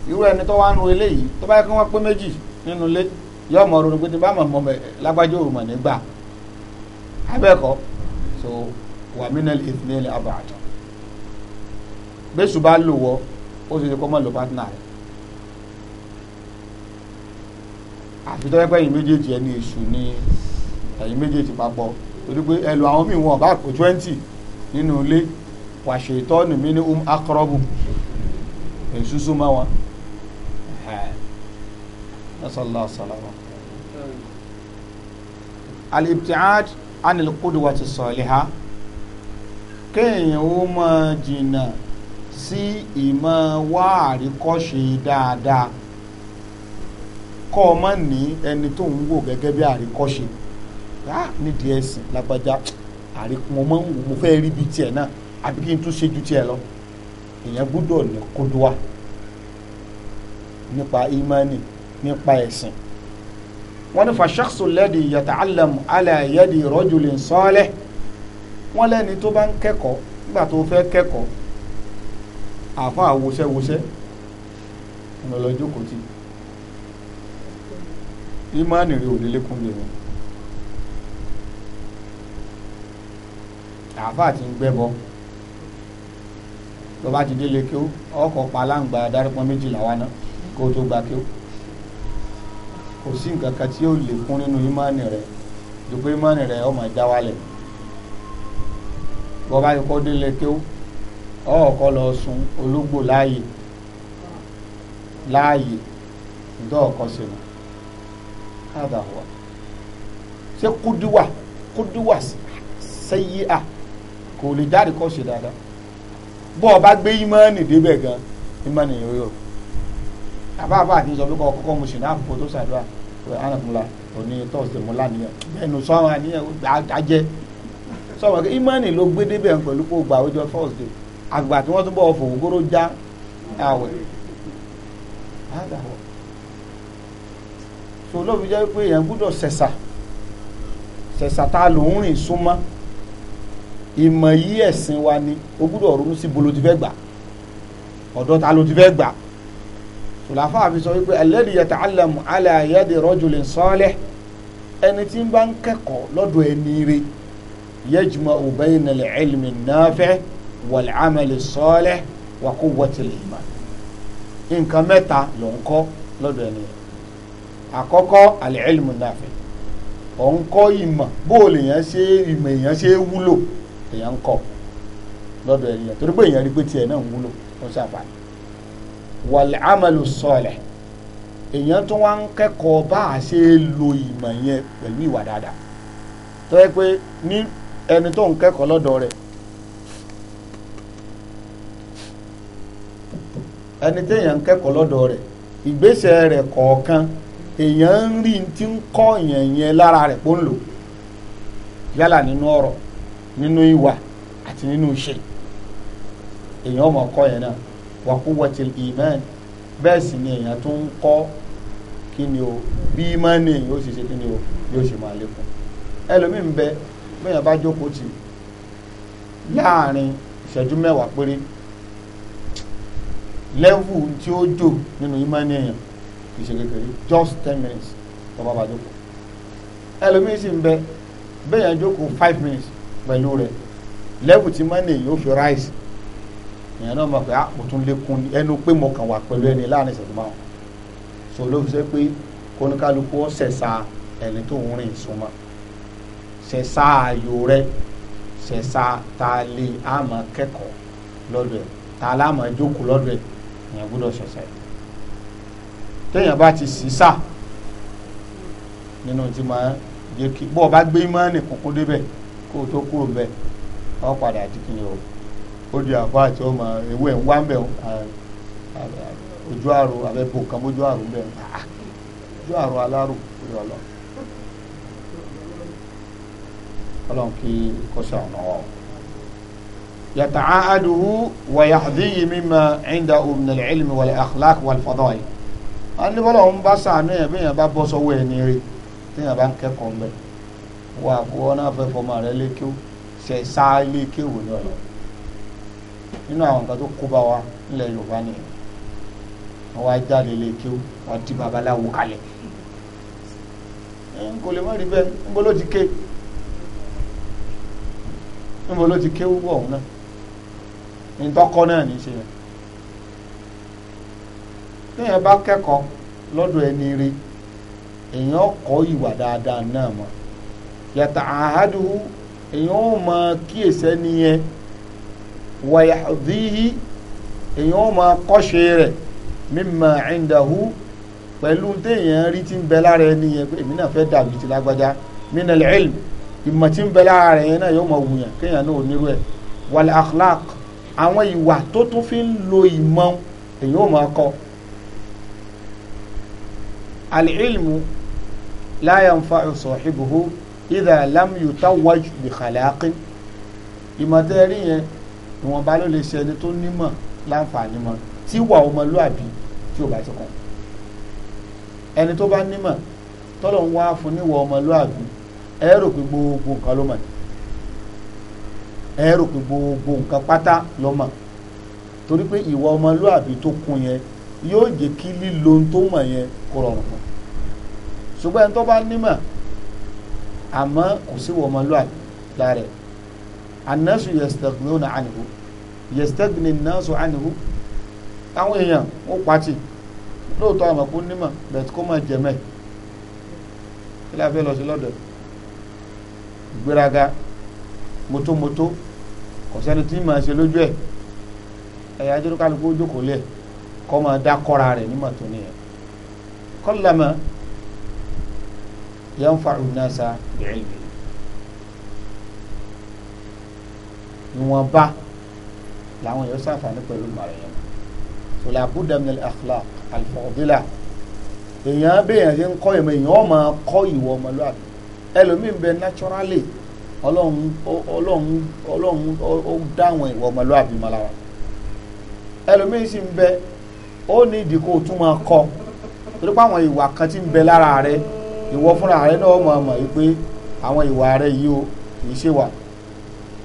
Speaker 1: irú ẹni tó wá ń ro eléyìí tó bá yẹ kí wọ́n pé méjì nínú ilé yóò mọ ronú pé tí bá mọ̀ mọ́ bẹ̀ lágbájọ́ òun nígbà abẹ́kọ̀ so wà mí náà lè ní ilé abà àtọ̀ bẹ́sù bá lò wọ́ ó sì ṣe kọ́ mọ́ lò pátánà rẹ̀ àfi tọ́ pẹ́ yìí méjèèjì ẹni èṣù ni ẹ̀yìn méjèèjì papọ̀ torí pé ẹlò àwọn míì wọn bá kó twenty nínú ilé wàṣẹ ìtọ́nù mi ní um akọrọ́bù èṣù súnmọ́ wọn nasalaa salama alibtiad anilkuduwati sọliha kéèyàn ó máa jìnnà sí ìmọ̀ wá àríkọ́ṣe dáadáa kọ́ ọ má ní ẹni tó ń wò gẹ́gẹ́ bí àríkọ́ṣe ah nídìí ẹ̀sìn lágbájá àríkún ọmọ ń wò mo fẹ́ rí bíi tiẹ̀ náà àbí kí n tún ṣe ju tiẹ̀ lọ èèyàn gbọ́dọ̀ ní kódùwà nípa ìmánì nípa ẹ̀sìn wọ́n ní fàṣàkṣù lẹ́dí yàtàálàmù aláyẹ̀dì rọ́jùlẹ̀ sọ́ọ́lẹ̀ wọ́n lẹ́ni tó bá ń kẹ́kọ̀ọ́ nígbà tó fẹ́ kẹ́kọ̀ọ́ àfa àwòṣẹ́wòṣẹ́ ọlọ́jọ́ kò tí ìmánì rí òlélékún lè wọ́n àfa àti ń gbẹ́bọ lọ́ba ti délé kí ó ọkọ̀ pa láǹgbà darí méjìlá wa náà kó tó gba kí ó kò sí nǹkan kan tí yóò lékún nínú ìmánì rẹ dùgbò ìmánì rẹ ọmọ ẹja wálẹ̀ bọ́ba yìí kọ́ délé kéwú ọ̀ọ́kọ́ lọ sun ológbò láàyè láàyè ǹdọ́ ọ̀kọ́ sínú hádà wà ṣé kúdíwà kúdíwà sẹ́yí à kò lè jáde kọ́ ṣe dáadáa bọ́ọ̀ bá gbé ìmánì débẹ̀ gan ìmánì yóò yọ̀rọ̀ àbáàbá àfi sọ pé kọ́ kọ́kọ́ mo ṣìnà àpò tó ṣàdúrà pé anakunla òní tọ́sídẹ̀ mo lánìyàn bẹ́ẹ̀nu sọ́run àníyàn àjẹ́ sọ̀rọ̀ pé imani ló gbé débẹ̀ pẹ̀lú kó gbà ọjọ́ tọ́sídẹ̀ àgbà tí wọ́n túbọ̀ fò ògóró já àwẹ̀ àdàwọ̀ so lóbi jẹ́ pé èèyàn gbúdọ̀ sẹ̀sà sẹ̀sà tá a lò ń rìn súnmọ́ ìmọ̀ yí ẹ̀sìn wa ni o gbúdọ̀ ronú sí bolo ti fẹ́ gbà ọ̀dọ̀ ta ló ti fẹ́ gbà làáfà àfi sọ wípé alladhi yata'allamu ala yadi rajulin salih ẹni tí ń bá ń kẹ́kọ̀ọ́ lọ́dọ̀ ẹni rẹ yajma'u bayna al-ilmi an-nafi' wal-amali as-salih wa nǹkan mẹ́ta ló ń kọ́ lọ́dọ̀ ẹni rẹ àkọ́kọ́ al-ilmu an ọ̀ ń kọ́ ìmọ̀ bóòlù èèyàn ṣe ìmọ̀ wàlẹ́àmàlù sọ̀lẹ̀ èèyàn tó wá ń kẹ́kọ̀ọ́ bá a ṣe lo ìmọ̀ yẹn pẹ̀lú ìwà dáadáa tó yẹ pé ní ẹni tó ń kẹ́kọ̀ọ́ lọ́dọ̀ rẹ̀ ẹni téèyàn ń kẹ́kọ̀ọ́ lọ́dọ̀ rẹ̀ ìgbésẹ̀ rẹ̀ kọ̀ọ̀kan èèyàn ń rí ti ń kọ́ lára rẹ̀ lò wa quwwatil iman bẹ́ẹ̀ sì ni èèyàn tó ń kọ́ kí ni o bí ìmánì yóò sì ṣe kí ni o yóò sì máa lékún ẹlòmíín bẹ bẹ́ẹ̀ bá jókòó tì láàrin ìṣẹ́jú mẹ́wàá péré lẹ́wù tí ó jò nínú ìmánì èèyàn kì í ṣe kékeré just ten minutes tọ́ba bá jókòó ẹlòmíín sì ń bẹ bẹ́ẹ̀ jókòó five minutes pẹ̀lú rẹ̀ lẹ́wù tí ìmánì yóò fi rise èèyàn náà mọ̀ pé ah mo tún lékún ẹnu pé mo kàn wà pẹ̀lú ẹni láàrin ìṣẹ̀tún márùn so ló fi ṣe pé kóníkálukú ó ṣẹ̀ṣà ẹni tó ń rìn súnmọ́ ṣẹ̀ṣà ayò rẹ ṣẹ̀ṣà ta lè àmọ́ kẹ́kọ̀ọ́ lọ́dọ̀ ẹ̀ ta lámọ̀ jókòó lọ́dọ̀ ẹ̀ èèyàn gbọ́dọ̀ ṣẹ̀ṣà ẹ̀ téèyàn bá ti sì sà nínú tí máa jẹ́ kí bọ́ọ̀ bá gbé mọ́ọ̀nì kúnkún débẹ̀ kó o tó kúrò ń bẹ̀ ó di àfa àti ọmọ ewé ń wá mẹ́ ojú àrò àbẹ̀bò kan bójú àrò mẹ́ ojú àrò alárò lọ́lọ́ ọlọ́run kí kọ́sẹ̀ ọ̀nà wa o yàtàcáàdùhù wàyàxdìyí mímà ẹ̀ńdà òmìnà ìlmi wàlẹ̀ àkàlàk wàlfàdọ́ì. a ní bọ́lá òun bá sànú yẹn bí yẹn bá bọ́ sọ́wọ́ ẹ̀ nírí tí yẹn bá ń kẹ́kọ̀ọ́ mbẹ́ wà á kó wọn náà fẹ́ fọmọ rẹ lékiw ṣẹ̀ sáà lékiw ní ọ̀lọ́. nínú àwọn nǹkan tó wa nílẹ̀ yorùbá nìyẹn wọ́n jáde lè kí wọ́n di babaláwo kalẹ̀ n kò lè má rí bẹ́ẹ̀ níbo ló ti ké níbo ló ti ké wúwọ̀ ọ̀hún náà ìtọ́kọ́ náà ní í ṣe yẹn téèyàn bá kẹ́kọ̀ọ́ lọ́dọ̀ ẹni rí kọ́ ìwà dáadáa náà wàyàdíhì èyàn ó máa kọ́ṣe rẹ̀ mímọ àìndàhù pẹ̀lú téèyàn rí tí ń bẹ lára ẹni yẹn pé èmi náà fẹ́ dàbí ti lágbájá minal ilm ìmọ̀ tí ń bẹ lára rẹ̀ yẹn náà yóò máa wùyàn kéèyàn náà ò nírú ẹ̀ wal akhlaq àwọn ìwà tó tún fi ń lo ìmọ̀ èyàn máa kọ́ al ilmu la yanfa'u sahibuhu idha lam yutawwaj bi khalaqin ìmọ̀ tẹ́ẹ̀rí yẹn ìwọ̀nba ló lè ṣe ẹni tó nímọ̀ láǹfààní mọ́ tí wà ọmọlúàbí tí ò bá ti kàn ẹni tó bá nímọ̀ tọ́lọ̀ ń wá fún níwọ̀ ọmọlúàbí ẹ rò pé gbogbo nǹkan ló mọ̀ ẹ rò pé gbogbo nǹkan pátá ló mọ̀ torí pé ìwà ọmọlúàbí tó kún yẹn yóò jẹ́ kí lílo tó mọ̀ yẹn kó rọrùn fún ṣùgbọ́n ẹni tó bá nímọ̀ àmọ́ kò sí ìwà ọmọlúàbí lára ẹ̀ anasu yastaghnuna anhu yastaghni nasu anhu àwọn èèyàn ó pàtì lóòótọ́ àmọ̀kú nímọ̀ bẹ̀t kó mọ̀ jẹ̀mẹ̀ kí la fẹ́ lọ sí lọ́dọ̀ ìgbéraga mọ́tòmọ́tò kò sẹ́ni tí màá ṣe lójú ẹ̀ ẹ̀yà ajọ́rọ́ kálukú jókòó lẹ̀ kọ́ máa dá kọ́ra rẹ̀ nímọ̀ tó nìyẹn kọ́lámà yanfa'u nasa bi'ilmi ìwọ̀nba làwọn yóò ṣàǹfààní pẹ̀lú màrà yẹn sọlá buddha min al-akhlaq al-fadila èèyàn béèyàn ṣe ń kọ́ ìmọ̀ èèyàn ọmọ kọ́ ìwọ ọmọlúwàbí ẹlòmíín bẹ naturally ọlọ́run ọlọ́run ọlọ́run ó dáwọn ìwọ ọmọlúwàbí mọ́ lára ẹlòmíín sì ń bẹ ó ní ìdí kó o tún máa kọ́ torí pé àwọn ìwà kan ti ń bẹ lára rẹ ìwọ fúnra rẹ náà mọ̀ ọ́ mọ̀ wípé àwọn ìwà rẹ yìí o kì í ṣe wà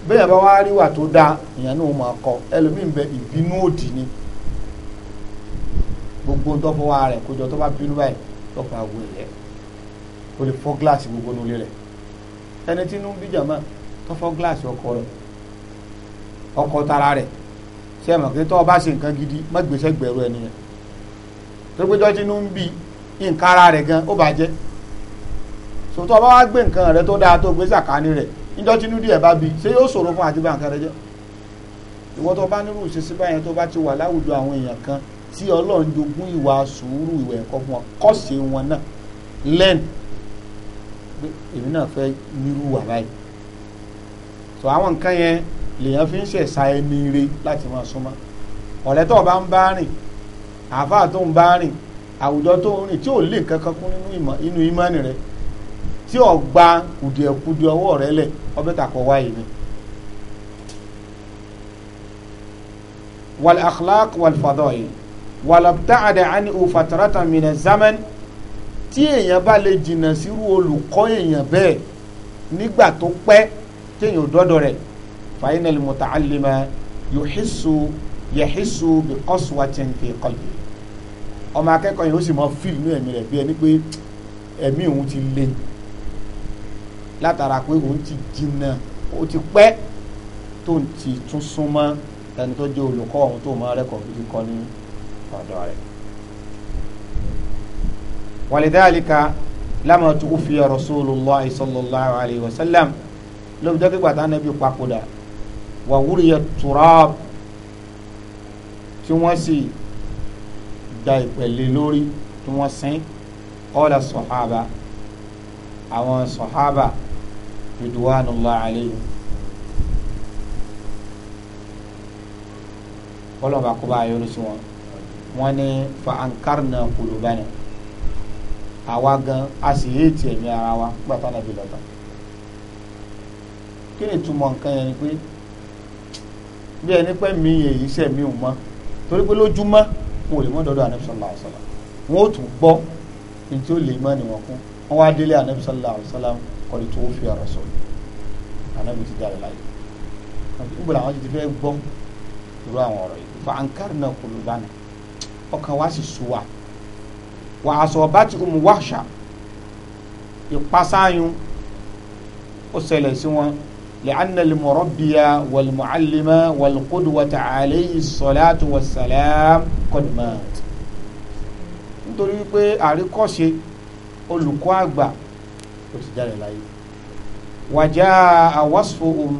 Speaker 1: bẹ́ẹ̀ bá wá rí wà tó dáa èèyàn náà máa kọ ẹlòmíín bẹ ìbínú òdì ni gbogbo wa rẹ̀ kójọ tó bá bínú báyìí o lè fọ́ gbogbo nulẹ̀ rẹ̀ ẹni tí inú bí jàmá gíláàsì ọkọ rẹ̀ ọkọ tara rẹ̀ ṣé ẹ̀ mọ̀ pé tọ́ ọ bá ṣe nǹkan gidi má gbèsè nìyẹn tó inú ń nǹkan ara rẹ̀ gan ó bàjẹ́ sòtọ́ ọ bá wá gbé nǹkan rẹ̀ tó dáa tó níjọ́ tí nídìí ẹ̀ bá bi ṣé yóò ṣòro fún àti báǹkà rẹ jẹ́ ìwọ tó bá nírú ìṣesí báyẹn tó bá ti wà láwùjọ àwọn èèyàn kan tí ọlọ́run jogún ìwà sùúrù ìwà ẹ̀kọ́ fún ọ kọ́sì wọn náà lẹ́nu pé èmi náà fẹ́ nírú wà báyìí tó àwọn nǹkan yẹn lèèyàn fi ń ṣẹ̀ṣà ẹni re láti máa súnmọ́ ọ̀rẹ́ tó o bá ń bá rìn àáfàá tó ń bá rìn àwùjọ tó ń rìn tí ò lè kankan kún nínú ìmọ̀ nínú ìmọ̀ rẹ̀ tí ó gba kùdìẹ̀kudìẹ ọwọ́ rẹ lẹ̀ ọbẹ̀ tàkọ̀ wáyé ni. wal akhlaq wal fada'il walabtaada ani ufatarata mina zaman tí èèyàn bá lè jìnnà sírú olùkọ́ èèyàn bẹ́ẹ̀ nígbà tó pẹ́ téèyàn dọ́dọ̀ rẹ̀ fainal muta'allima yuhisu yahisu bi qaswatin fi qalbi ọmọ akẹ́kọ̀ọ́ yìí ó sì mọ fíìmù ẹ̀mí rẹ̀ bí ẹni pé ẹ̀mí òun ti le látara pé òun ti jìnnà ó ti pẹ́ tó ń ti tún súnmọ́ ẹni tó jẹ́ olùkọ́ òun tó máa rẹ́kọ̀ọ́ fi kọ́ ní ọ̀dọ̀ rẹ̀. walidhalika lamma tuwuffiya rasulullah sallallahu alayhi wa sallam lóbi dọ́kí gbàtà nàbí papòdà wà wúriyẹ turab tí wọ́n sì da ìpẹ̀lẹ̀ lórí tí wọ́n sìn ọ́lá sọ̀hábà àwọn sọ̀hábà ridwanullahi alayhim kọlọn bá kó bá yọrọ sí wọn wọn ní fa ankarna kulubana àwa gan a sì yé tiẹ̀ ní ara wa gbàtà nàbí lọ́tà kí ni túmọ̀ nǹkan yẹn ni pé bí ẹni pẹ́ mi èyí sẹ̀ mi ò mọ́ torí pé lójúmọ́ wọn lè mọ́ dọ́dọ̀ anabi sallallahu wọn ò tún gbọ́ ní tí ó lè mọ́ ni wọn kún wọn wá délé anabi sallallahu alaihi kọ́ni tó fi ọ̀rọ̀ sọ anabi ti jáde láyé ìgbòlá àwọn ti fẹ́ gbọ́n irú àwọn ọ̀rọ̀ yìí fa ankar náà kúlù bánà wa sì sú wa wà aṣọ ọba tí o mú wáṣà ìpasáyún ó ṣẹlẹ̀ sí wọn لأن المربي والمعلم والقدوة عليه الصلاة والسلام قد مات nítorí pé àríkọ́ṣe olùkọ́ àgbà ó ti jáde láyé wàjà àwọsùfòhùn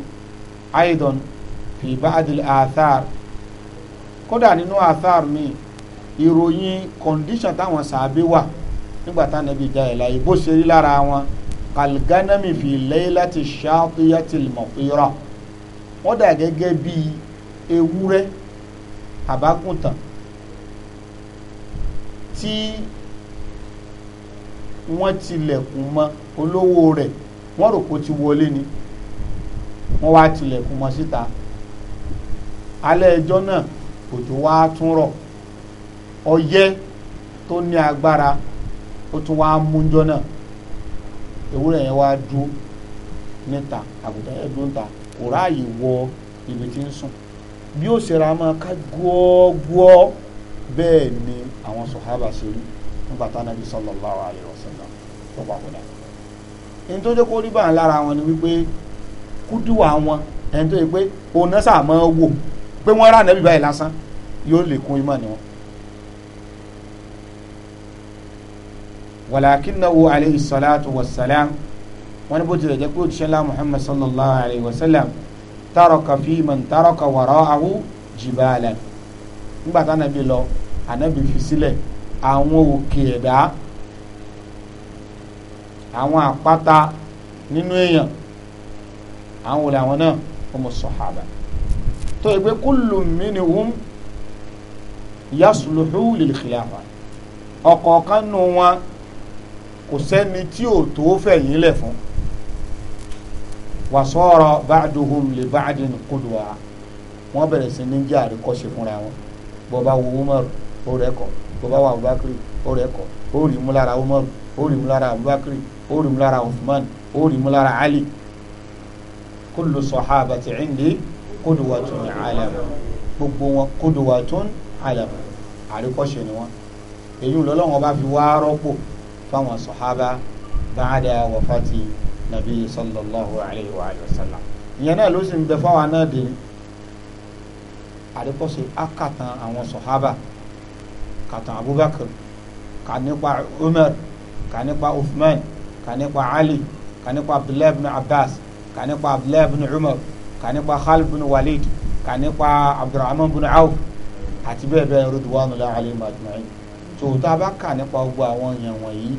Speaker 1: aidan fi ba'dil athar kódà nínú athar mi ìròyìn kọndíṣàn táwọn sàábé wà nígbà táwọn ẹbí jáde láyé bó ṣe rí lára wọn kàlgánàmì fi laylati shatiyatil mọ̀fìrà wọ́n dà gẹ́gẹ́ bí ewúrẹ́ àbákùntàn tí wọ́n tilẹ̀kùn mọ́ olówó rẹ̀ wọ́n rò kó ti wọlé ni wọ́n wá tilẹ̀kùn mọ́ síta alẹ́ ẹjọ́ náà òjò wá tún rọ̀ ọyẹ́ tó ní agbára ó tún wá múnjọ́ náà ewúrẹ́ yẹn wá dún níta àgùntàn yẹn dún níta kò ráàyè wọ ibi tí ń sùn bí ó ṣera máa ká gbọ́ọ́gbọ́ bẹ́ẹ̀ ni àwọn sọ̀hábà ṣe rí nígbà tá a nàbí sallallahu alaihi wasallam tó bá kó ẹni tó jẹ́ kó rí báyìí lára wọn ni wípé kúdùwà wọn ẹni tó yẹ pé òun náà sàmọ́ wò pé wọ́n rà nẹ́bí báyìí lásán yóò lè kún ìmọ̀ ni wọn. wàlàkínnáwó aleyhi salatu wa wọn ni bó tilẹ̀ jẹ́ pé òjíṣẹ́ ńlá muhammad sallallahu alayhi wa sallam taraka fi man taraka wara'ahu jibalan nígbà tá lọ ànábì fi sílẹ̀ àwọn òkè ẹ̀dá àwọn àpáta nínú èèyàn àwọn wòlé àwọn náà ọmọ sọ̀hábà tó yẹ pé kullu minhum yasluhu lil khilafa ọ̀kọ̀ọ̀kan nù wọn kò sẹ́ni tí ò tó fẹ̀yìn lẹ̀ fún wasọ́rọ̀ ba'duhum li ba'din qudwa wọ́n bẹ̀rẹ̀ sí ní jẹ́ àríkọ́ṣe fúnra wọn bọ́ba wo umaru ó rẹ̀ kọ́ bọ́ba wo abubakar ó rẹ̀ kọ́ ó rí mú lára umaru ó rí mú lára abubakar ó rí mu lára Uthman ó rí mu lára Ali kullu sahabati indi qudwatun alam gbogbo wọn qudwatun alam àríkọ́ṣe ni wọn èyí lọ́lọ́wọ́n bá fi wá rọ́pò fáwọn sọ̀hábà báadà wàfàtì nàbí sallallahu alayhi wa sallam ìyẹn náà ló sì ń bẹ fáwọn náà dé àríkọ́ṣe akatan àwọn sọ̀hábà kàtàn Abubakar kà Umar kà nípa kà nípa ali kà nípa abdullahi ibn abbas kà nípa abdullahi ibn umar kà nípa khalid ibn walid kà nípa abdulrahman ibn awf àti bẹ́ẹ̀ bẹ́ẹ̀ ridwanullahi alayhim ajma'in tó tá a bá kà nípa gbogbo àwọn èèyàn wọ̀nyí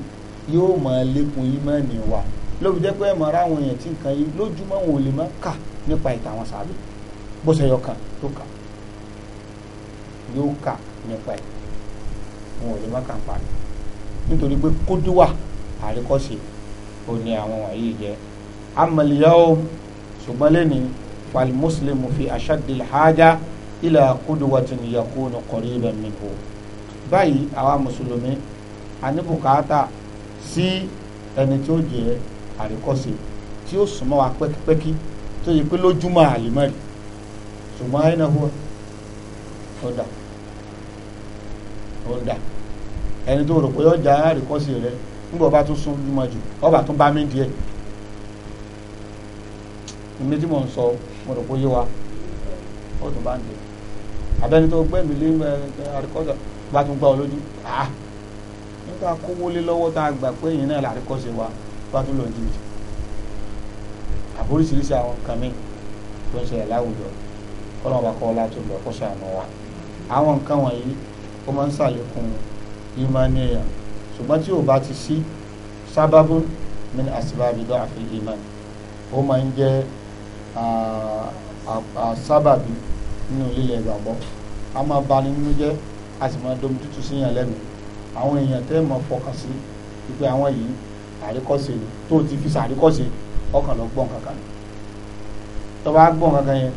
Speaker 1: yóò máa lékun ìmánì wa lóbi jẹ́ pé ẹ̀ mọ̀ra àwọn èèyàn tí nǹkan yìí lójúmọ́ wọn ò lè má kà nípa ìtàn àwọn sàbí bó ṣe yọ kan tó kà yóò kà nípa ẹ̀ wọn ò lè má kà ń parí nítorí pé kódúwà àríkọ́sí ó ní àwọn wọ̀nyí jẹ́ amaliyawo ṣùgbọ́n lẹ́ni fal muslimu fi ashadil haja ila kuduwatin yakunu qariban minhu báyìí àwa mùsùlùmí a ní bùkátà sí ẹni tí ó jẹ́ àríkọ́ṣe tí ó súnmọ́ wa pẹ́kípẹ́kí tó yẹ pé lójúmọ́ àlìmọ́rì ṣùgbọ́n ayé náà wọ́n ó dà ó dà ẹni tó rò pé ọjà àríkọ́ṣe rẹ̀ nígbà ọba tún sún jùmọ̀ jù ọba tún bá mi díẹ̀ èmi tí ń sọ mo rò pé yé wa ó tún bá ń díẹ̀ abẹ́ni tó gbẹ́mí lé àríkọ́sọ bá tún gbá ọ lójú ah nígbà kówó lọ́wọ́ tá a gbà pé èyí náà làríkọ́sẹ̀ wa bá tún lọ jìbìtì àbóríṣiríṣi àwọn nǹkan mi ló ń ṣẹlẹ̀ láwùjọ kọ́nà bá kọ́ látò lọ kó ṣàánú wa àwọn nǹkan wọ̀nyí ó máa ń ṣàlékún ìmọ̀ ní èèyàn ṣùgbọ́n tí ò bá ti sí sábàbùn min asbabi da'fi iman ó máa ń jẹ́ sábàbí nínú lílẹ̀ ìgbàgbọ́ a máa bani nínú jẹ́ a sì máa domi tútù síyàn lẹ́nu àwọn èèyàn tẹ́ mọ̀ fọkàn sí wípé àwọn yìí àríkọ́sẹ̀ ni tó ti fi sàríkọ́sẹ̀ ọkàn lọ gbọ́n kankan ni tó bá gbọ́n kankan yẹn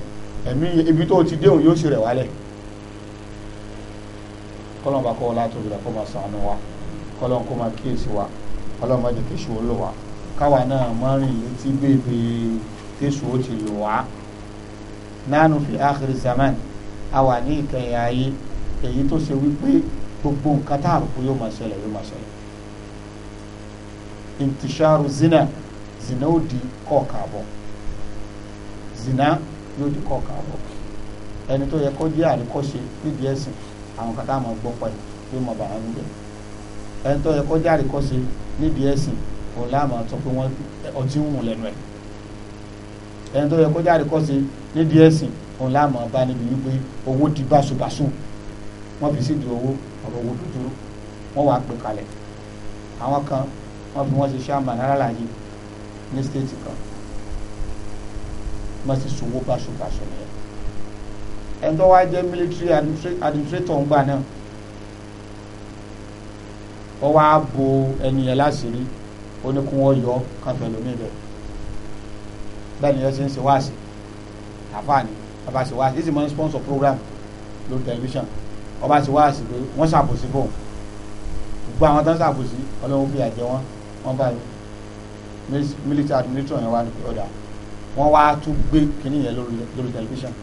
Speaker 1: ẹ̀mí ibi tó ti déhùn yóò sì rẹ̀ wálẹ̀ kọ́lọ́mùbá kọ́ ọ látòbí rẹ̀ kó máa sànù wa kọ́lọ́n kó máa kíyèsí wa kọ́lọ́n máa jẹ́ kéṣù ó lò wá káwa náà máa rìn létí bèbè kéṣù ó ti lò wá. nánú fi áàkiri zaman a wà ní ìkẹyìn ayé èyí tó ṣe wípé gbogbo nǹkan tá a rò pé yóò máa ṣẹlẹ̀ yóò máa ṣẹlẹ̀. intisharu zina zina ó di kọ́ọ̀ka zina yóò di kọ́ọ̀ka ẹni tó yẹ kó jẹ́ àríkọ́ṣe nídìí àwọn kan tá a máa gbọ́ pẹ̀lú yóò máa bàrà níbẹ̀ ẹni tó yẹ kó járe kó ṣe níbi ẹ̀sìn kò láàmú àtọ́ pé wọ́n ọtí ń wù lẹ́nu ẹ̀ ẹni tó yẹ kó járe kó ṣe níbi ẹ̀sìn kò láàmú bá níbi wípé owó di báṣubàṣu wọ́n fi sí di owó ọ̀rọ̀ owó dúdú wọ́n wàá pè kalẹ̀ àwọn kan wọ́n fi wọ́n ṣe ṣáàmà náírà yìí ní stéètì kan wọ́n ti sọ owó báṣubàṣu nìyẹn ẹni tó jẹ́ military administrator ń gbà náà ọ wá bo ẹni yẹn láṣìírí ó ní kí wọ́n yọ káfẹ́ lómi bẹ́ẹ̀ bẹ́ẹ̀ ni ẹ ṣe ń ṣe wáàsí àfààní ọba ṣe wáàsí ìsìn mọ́ ní sponsor program lórí tẹlifíṣàn ọba ṣe wáàsí pé wọ́n ṣàbòsí fún gbogbo àwọn tó ń ṣàbòsí ọlọ́run fi àjẹ wọn wọ́n bá military administration yẹn wá ní ọ̀dà wọ́n wá tún gbé kínní yẹn lórí tẹlifíṣàn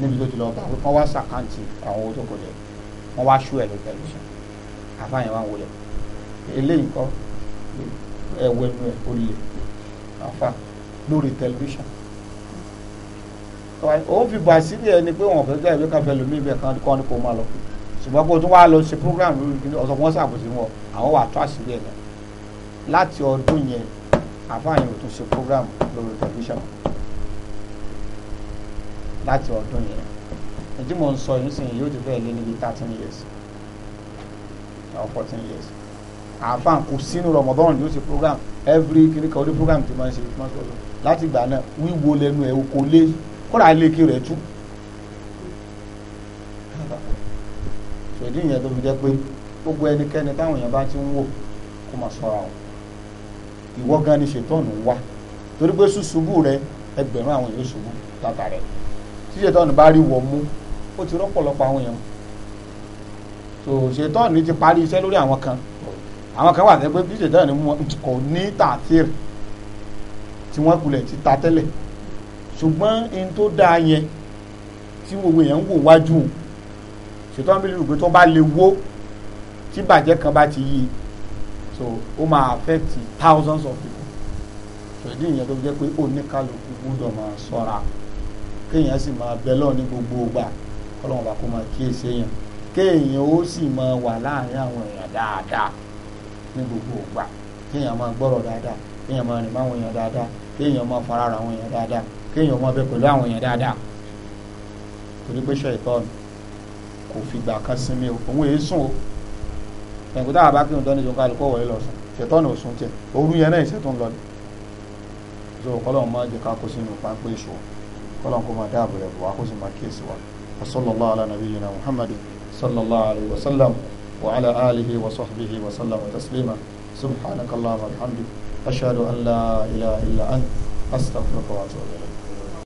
Speaker 1: níbi tó ti lọ bá wọ́n wá ṣàkáǹtì àwọn owó tó kọjá wọ́n wá ṣú ẹ̀ lórí tẹlifíṣàn àfààyàn wọn wọlé eléyìí kọ ẹwẹ nu ẹ o lè àfà lórí tẹlifíṣàn òun fi bà sí ẹni pé wọn fẹ́ gbà ìwé kan fẹ́ lómi ibẹ̀ kan kọ́ ni kò máa lọ ṣùgbọ́n kó tún wá lọ ṣe program lórí kí ọ̀sán wọn ṣàbòsí wọn àwọn wà tó àṣírí ẹ̀ lọ láti ọdún yẹn àfààyàn ò tún ṣe program lórí tẹlifíṣàn láti ọdún yẹn ẹjí mò ń sọ yìí sìn yóò ti bẹ́ẹ̀ lé níbi thirteen years or fourteen years àáfàá kò sínú Ramadan yóò ṣe program every kìnìkan orí program ti máa ń ṣe máa ń sọ̀rọ̀ láti ìgbà náà wíwo lẹ́nu ẹ̀ o kò lé kóra lékè rẹ̀ tú ṣèdí ìyẹn tó fi jẹ́ pé gbogbo ẹnikẹ́ni táwọn èèyàn bá ti ń wò kó máa ṣọ́ra o ìwọ gan ni ṣètọ́nù wá torí pé ṣùṣubú rẹ ẹgbẹ̀rún àwọn èèyàn ṣubú látàrẹ tí ṣètọ́nù bá rí wọ̀ mú ó ti rọ́pọ̀lọpọ̀ àwọn èèyàn so ṣètọ́ọ̀nì ti parí iṣẹ́ lórí àwọn kan àwọn kan wà tẹ́ pé bí ṣètọ́ọ̀nì wọn kò ní tààtìr tí wọ́n kulẹ̀ ti ta tẹ́lẹ̀ ṣùgbọ́n in tó dáa yẹn tí gbogbo èèyàn ń wò wájú ṣètọ́ọ̀nì bí lùgbé tó bá lè wó tí bàjẹ́ kan bá ti yí so ó máa affect thousands of people ṣèdí ìyẹn tó jẹ́ pé oníkàlùkù gbọ́dọ̀ máa ṣọ́ra kéèyàn sì máa bẹ lọ́ọ̀ ní gbogbo ìgbà kọ́lọ́mọba kó máa kíyèsí èèyàn kéèyàn ó sì máa wà láàrin àwọn èèyàn dáadáa ní gbogbo ìgbà kéèyàn máa gbọ́rọ̀ dáadáa kéèyàn máa rìn máwọn èèyàn dáadáa kéèyàn máa fara ara àwọn èèyàn dáadáa kéèyàn máa bẹ pẹ̀lú àwọn èèyàn dáadáa torí pé ṣètọ́nù kò fìgbà kan sinmi o òun èé sùn o ẹ̀kú táwọn abákí ń tọ́ni ìjọba àlùkò wọlé lọ sùn ṣètọ́nù ò sùn tiẹ̀ òru yẹn náà ìṣètò ń lọ ni so kọ́lọ́n máa jẹ́ ká kó sínú pápá èso kọ́lọ́n kó máa dáàbò rẹ̀ bọ̀ wá kó sì máa kíyèsí wa wa sallallahu ala nabiyyina muhammadin صلى الله عليه وسلم وعلى آله وصحبه وسلم تسليما سبحانك اللهم وبحمدك أشهد أن لا إله إلا أنت أستغفرك وأتوب إليك